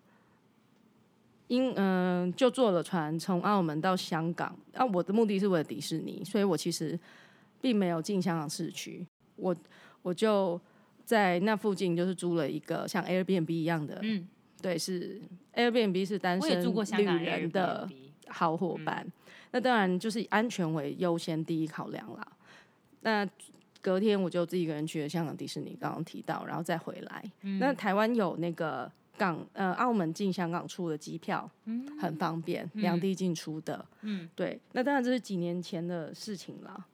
因嗯、呃，就坐了船從澳門到香港。啊，我的目的是為了迪士尼，所以我其實並沒有進香港市區。我我就在那附近，就是租了一個像 Airbnb 一樣的，嗯，對，是 Airbnb 是單身女人的好夥伴。嗯、那當然就是以安全為優先，第一考量啦。那隔天我就自己一個人去了香港迪士尼，剛剛提到，然後再回來。那台灣有那個港呃澳門進香港出的機票，很方便，兩地進出的。嗯，對。那當然這是幾年前的事情了，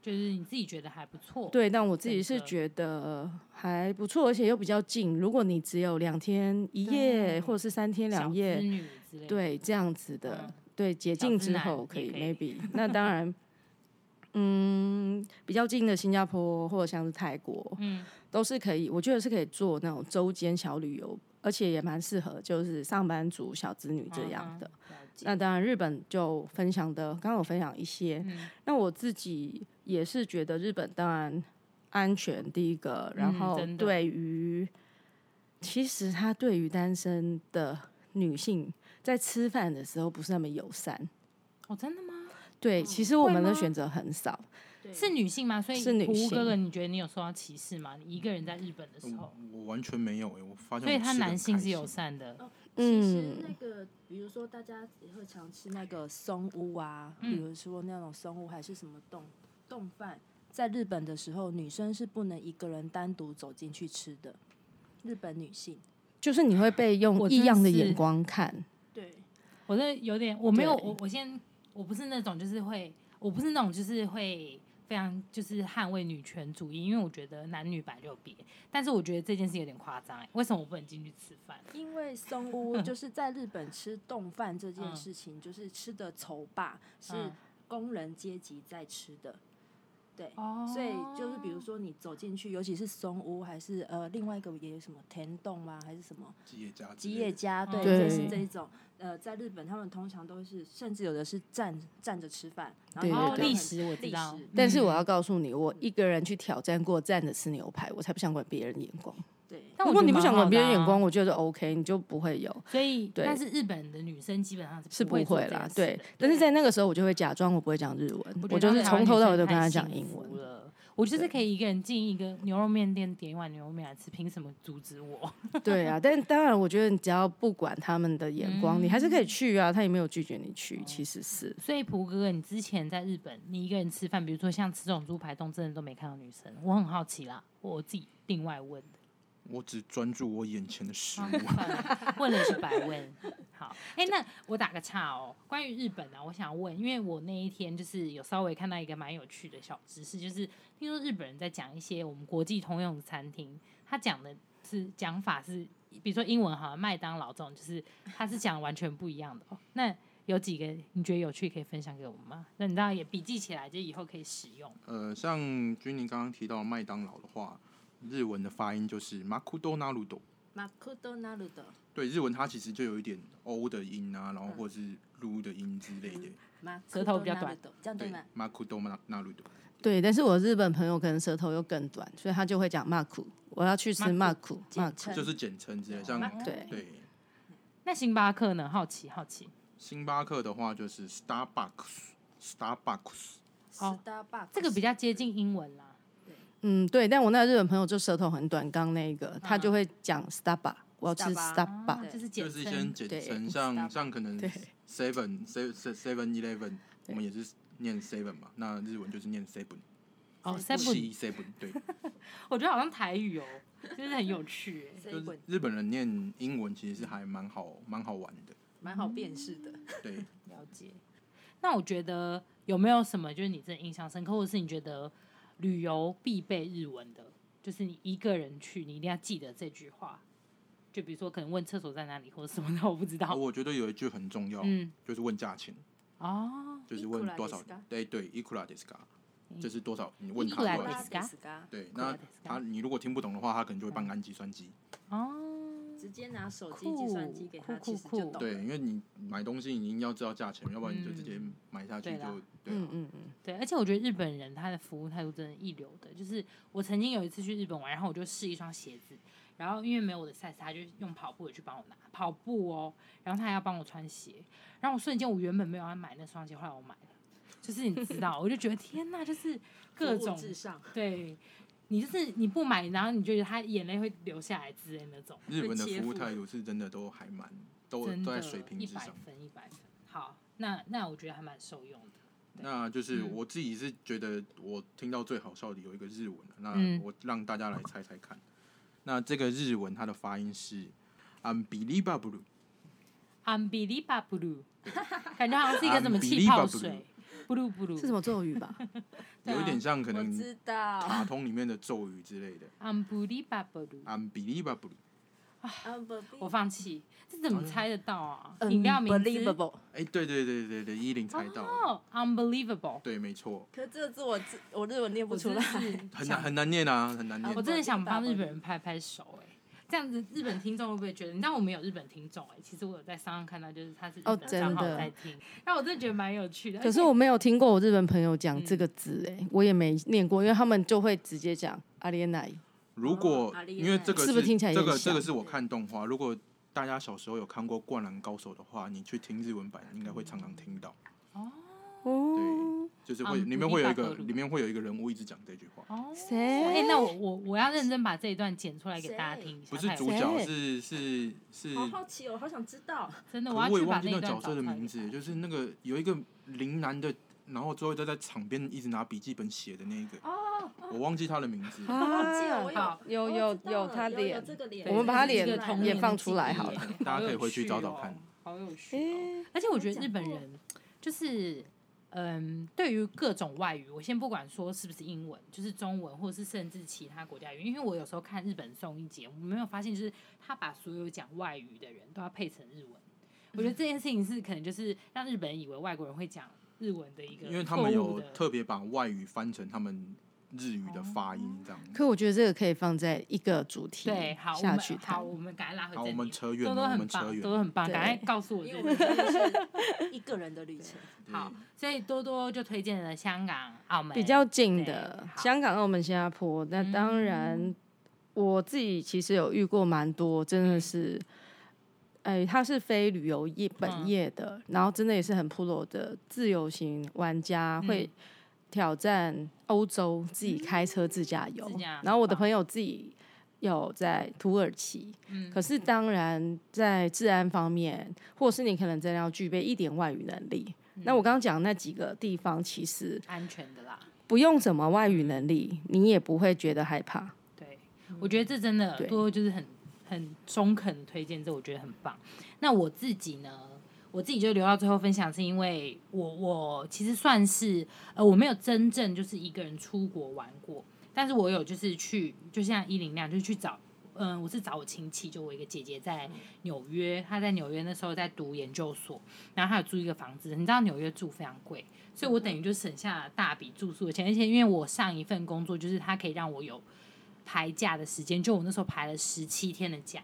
就是你自己覺得還不錯。對，但我自己是覺得還不錯，而且又比較近。如果你只有兩天一夜，或者是三天兩夜，對這樣子的，對，解禁之後可以，maybe。那當然。嗯，比較近的新加坡或者像是泰國，嗯，都是可以。我覺得是可以做那種周間小旅遊，而且也蠻適合，就是上班族小子女這樣的。啊啊、那當然，日本就分享的，剛剛我分享一些。嗯、那我自己也是覺得日本當然安全，第一個，然後對於、嗯、其實他對於單身的女性在吃飯的時候不是那麼友善。哦，真的嗎？對，其實我們的選擇很少，嗯、是女性嗎？所以是女性。哥哥，你覺得你有受到歧視嗎？你一個人在日本的時候，我，我完全沒有哎、欸，我發現我。所以，他男性是友善的。嗯、哦，那個，比如說大家也會常吃那個松屋啊，嗯、比如說那種松屋還是什麼丼丼飯，在日本的時候，女生是不能一個人單獨走進去吃的。日本女性就是你會被用異樣的眼光看。對，我這有點，我沒有，我我先。我不是那種就是會，我不是那種就是會非常就是捍衛女權主義，因為我覺得男女本來就別。但是我覺得這件事有點誇張，欸，為什麼我不能進去吃飯？因為松屋就是在日本吃丼飯這件事情， 就是吃的醜霸是工人階級在吃的。對，oh. 所以就是比如說你走進去，尤其是松屋還是呃另外一個也有什麼田洞嗎？還是什麼吉野家？吉野家對，對就是這一種。呃，在日本他們通常都是，甚至有的是站站着吃飯。然後對對，對歷史我知道，歷史。但是我要告訴你，我一個人去挑戰過站着吃牛排，我才不想管別人眼光。如果你不想管別人眼光，我覺得 OK，你就不會有。所以，但是日本的女生基本上是不會啦。對，但是在那個時候，我就會假裝我不會講日文，我就是從頭到尾都跟他講英文。我就是可以一個人進一個牛肉麵店，點一碗牛肉麵來吃，憑什麼阻止我？對啊，但當然，我覺得你只要不管他們的眼光，你還是可以去啊。他也沒有拒絕你去，其實是。所以蒲哥哥，你之前在日本，你一個人吃飯，比如說像吃這種豬排丼，真的都沒看到女生。我很好奇啦，我自己另外問。我只專注我眼前的食物 嗯。問了是白問。好，哎、欸，那我打個岔哦。關於日本啊，我想要問，因為我那一天就是有稍微看到一個蠻有趣的小知識，就是聽說日本人在講一些我們國際通用的餐廳，他講的是講法是，比如說英文好像麥當勞這種，就是他是講完全不一樣的，哦。那有幾個你覺得有趣可以分享給我們嗎？那你當然也筆記起來，就以後可以使用。呃，像君你剛剛提到麥當勞的話。日文的發音就是マクドナルド，マクドナルド。對，日文它其實就有一點 o 的音啊，然後或是 u 的音之類的，舌頭比較短，這樣子嗎？對，對，但是我日本朋友可能舌頭又更短，所以他就會講マク，我要去吃マク。就是簡稱之類，像對マク對。對，那星巴克呢？好奇好奇。星巴克的話就是 Starbucks，Starbucks Star。Oh, Starbucks，這個比較接近英文了。嗯，對，但我那日本朋友就舌頭很短，剛剛那個他就會講 starba，我要吃 starba，就是簡，就是先簡稱像，像可能 seven se se seven eleven，我們也是念 seven 嘛，那日文就是念 seven，哦 seven，七 seven，對，我覺得好像台語哦，真的很有趣。就是日本人念英文，其實是還蠻好，蠻好玩的，蠻好辨識的。對，了解。那我覺得有沒有什麼就是你真的印象深刻，或者是你覺得？旅遊必備日文的，就是你一個人去，你一定要記得這句話。就比如說，可能問廁所在哪裡，或者什麼的，我不知道。我覺得有一句很重要，嗯，就是問價錢哦，就是問多少，對對，いくらですか？這是多少？你問他いくら，對，那他，他你如果聽不懂的話，他可能就會幫你按計算機直接拿手機、計算機給他，酷其實就懂。對，因為你買東西，你一定要知道價錢，嗯、要不然你就直接買下去就對了啦、啊嗯。嗯嗯嗯，對。而且我覺得日本人他的服務態度真的一流的，就是我曾經有一次去日本玩，然後我就試一雙鞋子，然後因為沒有我的 size，他就用跑步的去幫我拿跑步哦，然後他還要幫我穿鞋，然後我瞬間我原本沒有要買那雙鞋，後來我買了，就是你知道， 我就覺得天哪，就是各種，服務至上。對。你就是你不買，然後你就覺得他眼淚會流下來之類那種。日本的服務態度是真的都還蠻，都都在水平之上。分分好，那那我覺得還蠻受用的。那就是我自己是覺得我聽到最好笑的有一個日文、啊，那我讓大家來猜猜看。嗯、那這個日文它的發音是 u n b e l i e v a b l e u n b e l i e v a b l e 感覺好像是一個什麼氣泡水？布魯布魯是什麼咒語吧？ 啊、有一點像，可能卡通裡面的咒語之類的。Unbelievable，Unbelievable，Unbelievable. 啊，我放棄，這怎麼猜得到啊？飲 Unbelievable. 料名字？哎、欸，對對對對對，依林猜到了、oh,，Unbelievable，對，沒錯。可是這個字我我日文念不出來，很難很難念啊，很難念。Unbelievable. 我真的想幫日本人拍拍手、欸這樣子日本聽眾會不會覺得？你知道我們有日本聽眾哎、欸，其實我有在網上，上看到，就是他自己常常在聽，那、oh, 我真的覺得蠻有趣的。可是我沒有聽過我日本朋友講這個字哎、欸，嗯、我也沒念過，因為他們就會直接講阿列奈。嗯啊、如果、啊、因為這個是、啊、是不是聽起來這個這個是我看動畫，如果大家小時候有看過《灌籃高手》的話，你去聽日文版應該會常常聽到。嗯、哦。就是會裡面會有一個，裡面會有一個人物一直講這句話。哦，哎，那我我我要認真把這一段剪出來給大家聽一下。不是主角，是是是。好好奇哦，好想知道，真的。我也忘記那個角色的名字，就是那個有一個林男的，然後最後就在場邊一直拿筆記本寫的那一個。哦。我忘記他的名字。好記，我有有有有他臉，我們把他臉也放出來好了，大家可以回去找找看。好有趣。而且我覺得日本人就是。嗯，對於各種外語，我先不管說是不是英文，就是中文，或者是甚至其他國家語，因為我有時候看日本綜藝節目，我沒有發現就是他把所有講外語的人都要配成日文。我覺得這件事情是可能就是讓日本人以為外國人會講日文的一個的，因為他們有特別把外語翻成他們。日語的發音這樣。可我覺得這個可以放在一個主題下去談。好，我們好，我們趕快拉回。好，我們車員，我們車員很棒，趕快告訴我，因為一個人的旅程。好，所以多多就推薦了香港、澳門比較近的香港、澳門、新加坡。那當然，我自己其實有遇過蠻多，真的是，哎，他是非旅遊業本業的，然後真的也是很 pro 的自由行玩家會。挑戰歐洲自己開車自駕遊，嗯、然後我的朋友自己有在土耳其，嗯，可是當然在治安方面，嗯、或者是你可能真的要具備一點外語能力。嗯、那我剛剛講那幾個地方其實安全的啦，不用什麼外語能力，你也不會覺得害怕。嗯、對，我覺得這真的多就是很很中肯的推薦，這我覺得很棒。那我自己呢？我自己就留到最後分享，是因為我我其實算是呃我沒有真正就是一個人出國玩過，但是我有就是去就像伊林那樣，就去找嗯我是找我親戚，就我一個姐姐在紐約，她在紐約那時候在讀研究所，然後她有租一個房子，你知道紐約住非常貴，所以我等於就省下大筆住宿的錢，而且因為我上一份工作就是它可以讓我有排假的時間，就我那時候排了十七天的假，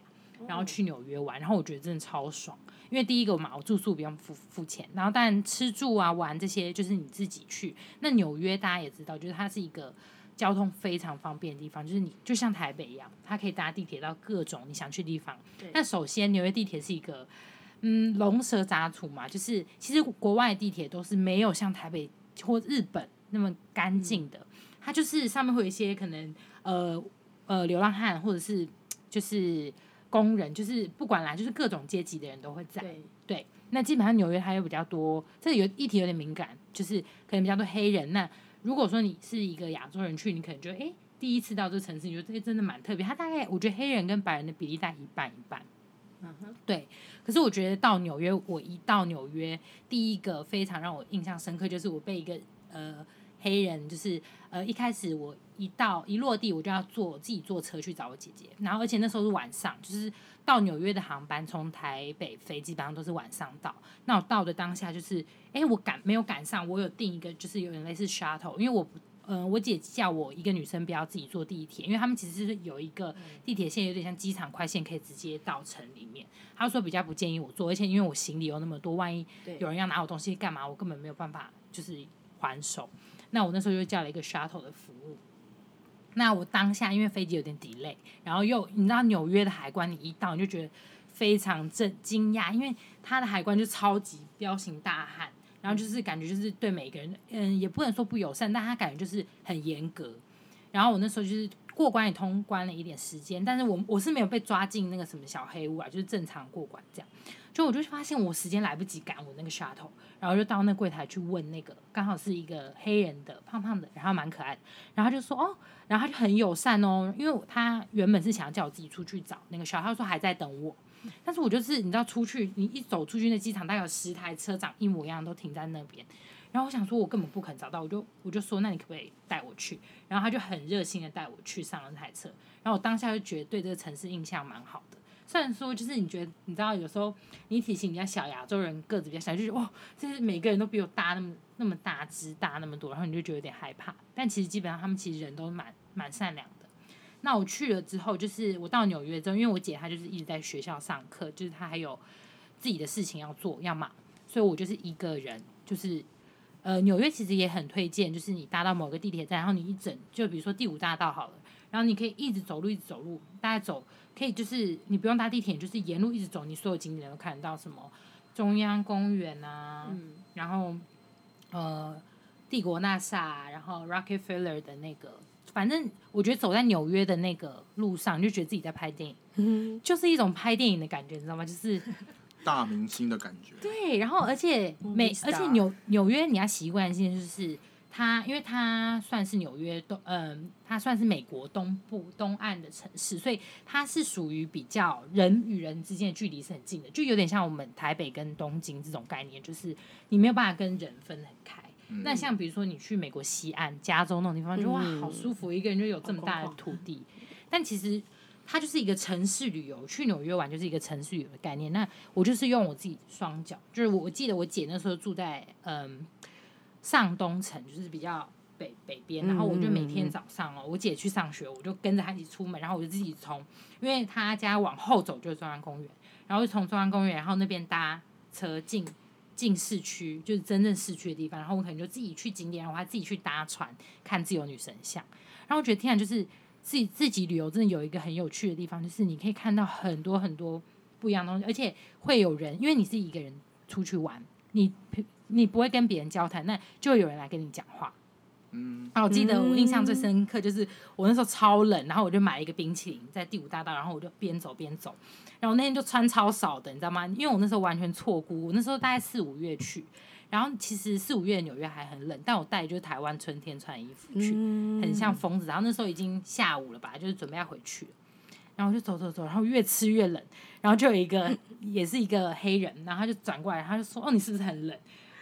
然後去紐約玩，然後我覺得真的超爽。因為第一個嘛，我住宿不用付付錢，然後但吃住啊玩這些就是你自己去。那紐約大家也知道，就是它是一個交通非常方便的地方，就是你就像台北一樣，它可以搭地鐵到各種你想去的地方。對那首先紐約地鐵是一個嗯龍蛇雜處嘛，就是其實國外的地鐵都是沒有像台北或日本那麼乾淨的，嗯、它就是上面會有一些可能呃呃流浪漢或者是就是。工人就是不管來，就是各種階級的人都會在。對，對，那基本上紐約還有比較多，這裡有議題有點敏感，就是可能比較多黑人。那如果說你是一個亞洲人去，你可能覺得誒，第一次到這城市，你覺得這個真的蠻特別。他大概我覺得黑人跟白人的比例在一半一半。嗯哼，對。可是我覺得到紐約，我一到紐約，第一個非常讓我印象深刻就是我被一個呃。黑人就是呃，一開始我一到，一，到一落地，我就要坐自己坐車去找我姐姐。然後，而且那時候是晚上，就是到紐約的航班從台北飛，基本上都是晚上到。那我到的當下就是，誒，我趕沒有趕上，我有訂一個就是有點類似 shuttle，因為我嗯、呃，我姐叫我一個女生不要自己坐地鐵，因為他們其實是有一個地鐵線有點、嗯、像機場快線，可以直接到城裡面。她說比較不建議我坐，而且因為我行李有那麼多，萬一有人要拿我東西幹嘛，對我根本沒有辦法就是還手。那我那時候就叫了一個 shuttle 的服務。那我當下因為飛機有點 delay，然後又你知道紐約的海關，你一到你就覺得非常震驚訝，因為他的海關就超級彪形大漢，然後就是感覺就是對每個人，嗯，也不能說不友善，但他感覺就是很嚴格。然後我那時候就是。過關也通關了一點時間，但是我我是沒有被抓進那個什麼小黑屋啊，就是正常過關這樣。就我就發現我時間來不及趕我那個 s h 頭，然後就到那櫃台去問那個，剛好是一個黑人的胖胖的，然後蠻可愛的，然後就說哦，然後他就很友善哦，因為他原本是想要叫我自己出去找那個小號，他說還在等我，但是我就是你知道出去，你一走出去那機場大概有十台車長一模一樣都停在那邊。然後我想說，我根本不可能找到，我就我就說，那你可不可以帶我去？然後他就很熱心的帶我去上了那台車。然後我當下就覺得對這個城市印象蠻好的。雖然說，就是你覺得，你知道，有時候你體型比較小，亞洲人個子比較小，就是哇，就是每個人都比我大那麼那麼大只，大那麼多，然後你就覺得有點害怕。但其實基本上他們其實人都蠻蠻善良的。那我去了之後，就是我到紐約之後，因為我姐她就是一直在學校上課，就是她還有自己的事情要做要忙，所以我就是一個人，就是。呃，紐約其實也很推薦，就是你搭到某個地鐵站，然後你一整，就比如說第五大道好了，然後你可以一直走路，一直走路，大概走可以就是你不用搭地鐵，就是沿路一直走，你所有景點都看得到，什麼中央公園啊、嗯呃、啊，然後呃帝國大廈，然後 Rockefeller 的那個，反正我覺得走在紐約的那個路上，你就覺得自己在拍電影，嗯、就是一種拍電影的感覺，你知道嗎？就是。 大明星的感覺。對，然後而且美，而且紐紐約，你要習慣性就是它，因為它算是紐約東，嗯、呃，它算是美國東部東岸的城市，所以它是屬於比較人與人之間的距離是很近的，就有點像我們台北跟東京這種概念，就是你沒有辦法跟人分得很開。嗯、那像比如說你去美國西岸加州那種地方，嗯、就哇，好舒服，一個人就有這麼大的土地，但其實。它就是一個城市旅遊，去紐約玩就是一個城市旅遊的概念。那我就是用我自己雙腳，就是我記得我姐那時候住在嗯上東城，就是比較北北邊，然後我就每天早上哦，我姐去上學，我就跟着她一起出門，然後我就自己從因為她家往後走就是中央公園，然後就從中央公園然後那邊搭車進進市區，就是真正市區的地方，然後我可能就自己去景點，然後自己去搭船看自由女神像，然後我覺得天哪，就是。自己自己旅遊真的有一個很有趣的地方，就是你可以看到很多很多不一樣東西，而且會有人，因為你是一個人出去玩，你你不會跟別人交談，那就有人來跟你講話。嗯，啊，我記得我印象最深刻就是我那時候超冷，然後我就買一個冰淇淋在第五大道，然後我就邊走邊走，然後那天就穿超少的，你知道嗎？因為我那時候完全錯估，我那時候大概四五月去。然後其實四五月的紐約還很冷，但我帶就是台灣春天穿的衣服去，很像瘋子。然後那時候已經下午了吧，就是準備要回去了，然後我就走走走，然後越吃越冷，然後就有一個、嗯、也是一個黑人，然後他就轉過來，他就說：“哦，你是不是很冷？”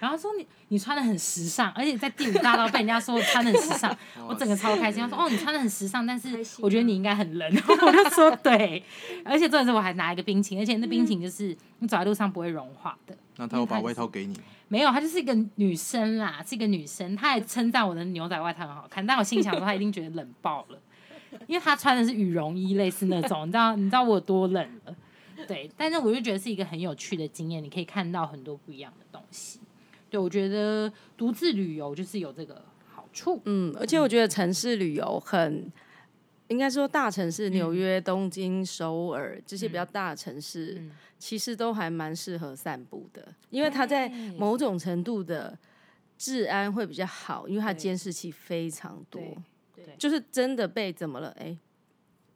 然後說，你你穿的很時尚，而且在第五大道被人家說穿的很時尚， 我整個超開心。他說 哦，你穿的很時尚，但是我覺得你應該很冷。我就說對， 而且這時候我還拿一個冰淇淋，而且那冰淇淋就是你走在路上不會融化的。 他那他把外套給你？沒有，他就是一個女生啦，是一個女生，她也稱讚我的牛仔外套很好看，但我心想說她一定覺得冷爆了， 因為她穿的是羽絨衣，類似那種， 你知道你知道我有多冷了，對。但是我就覺得是一個很有趣的經驗，你可以看到很多不一樣的東西。就我覺得獨自旅遊就是有這個好處。嗯，而且我覺得城市旅遊很，應該說大城市，嗯、紐約、東京、首爾這些比較大的城市，嗯、其實都還蠻適合散步的，因為它在某種程度的治安會比較好，因為它監視器非常多，對、對、對，就是真的被怎麼了？哎。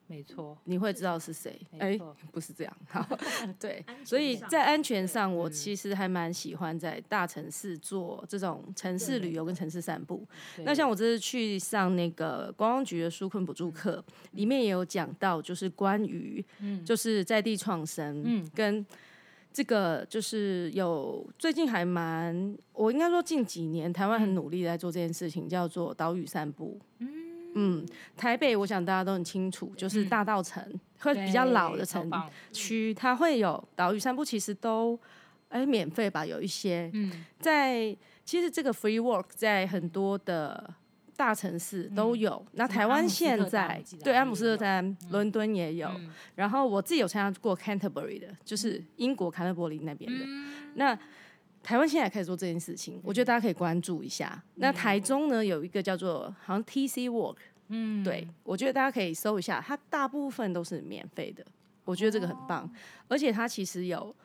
沒錯，你會知道是誰。哎錯、欸，不是這樣。好 對，所以在安全上，對我其實還蠻喜歡在大城市做這種城市旅遊跟城市散步。對對對，那像我這次去上那個觀光局的紓困補助課，裡面也有講到，就是關於，就是在地創生，嗯，跟這個就是有最近還蠻，我應該說近幾年台灣很努力在做這件事情，嗯、叫做島嶼散步，嗯。嗯，台北我想大家都很清楚，就是大稻埕會比較老的城區，它會有島嶼散步其實都哎免費吧，有一些。嗯，在其實這個 free walk 在很多的大城市都有，那台灣現在對，阿姆斯特丹、倫敦也有。然後我自己有參加過 Canterbury 的，就是英國 Canterbury 那邊的那。台灣現在開始做這件事情，嗯、我覺得大家可以關注一下。那台中呢，有一個叫做好像 T C Walk，嗯，對，我覺得大家可以搜一下，它大部分都是免費的，我覺得這個很棒。哦、而且它其實有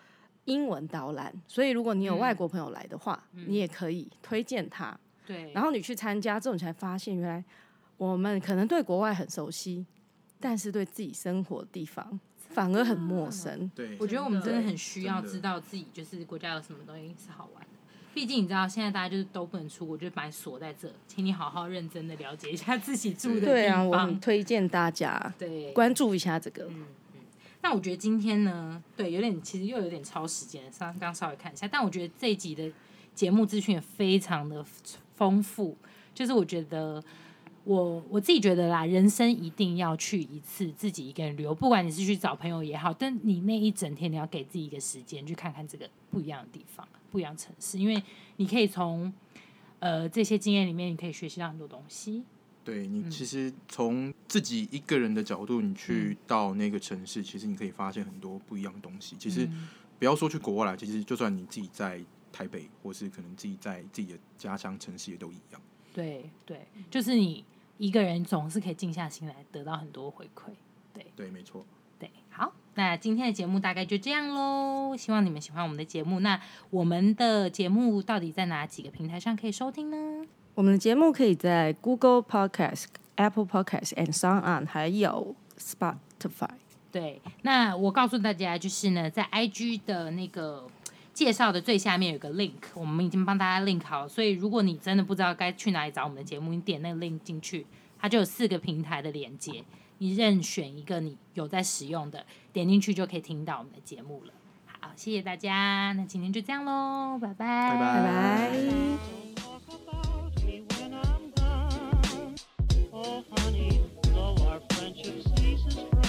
英文導覽，所以如果你有外國朋友來的話，嗯、你也可以推薦他。對、嗯，然後你去參加之後，這種你才發現原來我們可能對國外很熟悉，但是對自己生活的地方，反而很陌生。嗯、對，我覺得我們真的很需要對知道自己就是國家有什麼東西是好玩的。畢竟你知道，現在大家就是都不能出國，就被鎖在這。請你好好認真的了解一下自己住的地方。對啊，我很推薦大家。對。關注一下這個。嗯嗯。那我覺得今天呢，對，有點其實又有點超時間。剛剛稍微看一下，但我覺得這一集的節目資訊也非常的豐富。就是我覺得。我我自己覺得啦，人生一定要去一次自己一個人旅遊，不管你是去找朋友也好，但你那一整天你要給自己一個時間去看看這個不一樣的地方、不一樣的城市，因為你可以從呃這些經驗裡面，你可以學習到很多東西。對，你其實從自己一個人的角度，你去到那個城市，嗯、其實你可以發現很多不一樣的東西。其實、嗯、不要說去國外來，其實就算你自己在台北，或是可能自己在自己的家鄉城市，也都一樣。對對，就是你。一個人總是可以靜下心來，得到很多回饋。對，對，沒錯。對，好，那今天的節目大概就這樣嘍。希望你們喜歡我們的節目。那我們的節目到底在哪幾個平台上可以收聽呢？我們的節目可以在 Google Podcast、Apple Podcasts and SoundOn，還有 Spotify。對，那我告訴大家，就是呢，在 IG 的那個。介紹的最下面有個 link，我們已經幫大家 link 好了，所以如果你真的不知道該去哪裡找我們的節目，你點那個 link 進去，它就有四個平台的連接，你任選一個你有在使用的，點進去就可以聽到我們的節目了。好，謝謝大家，那今天就這樣嘍，拜拜，拜拜。拜拜，拜拜。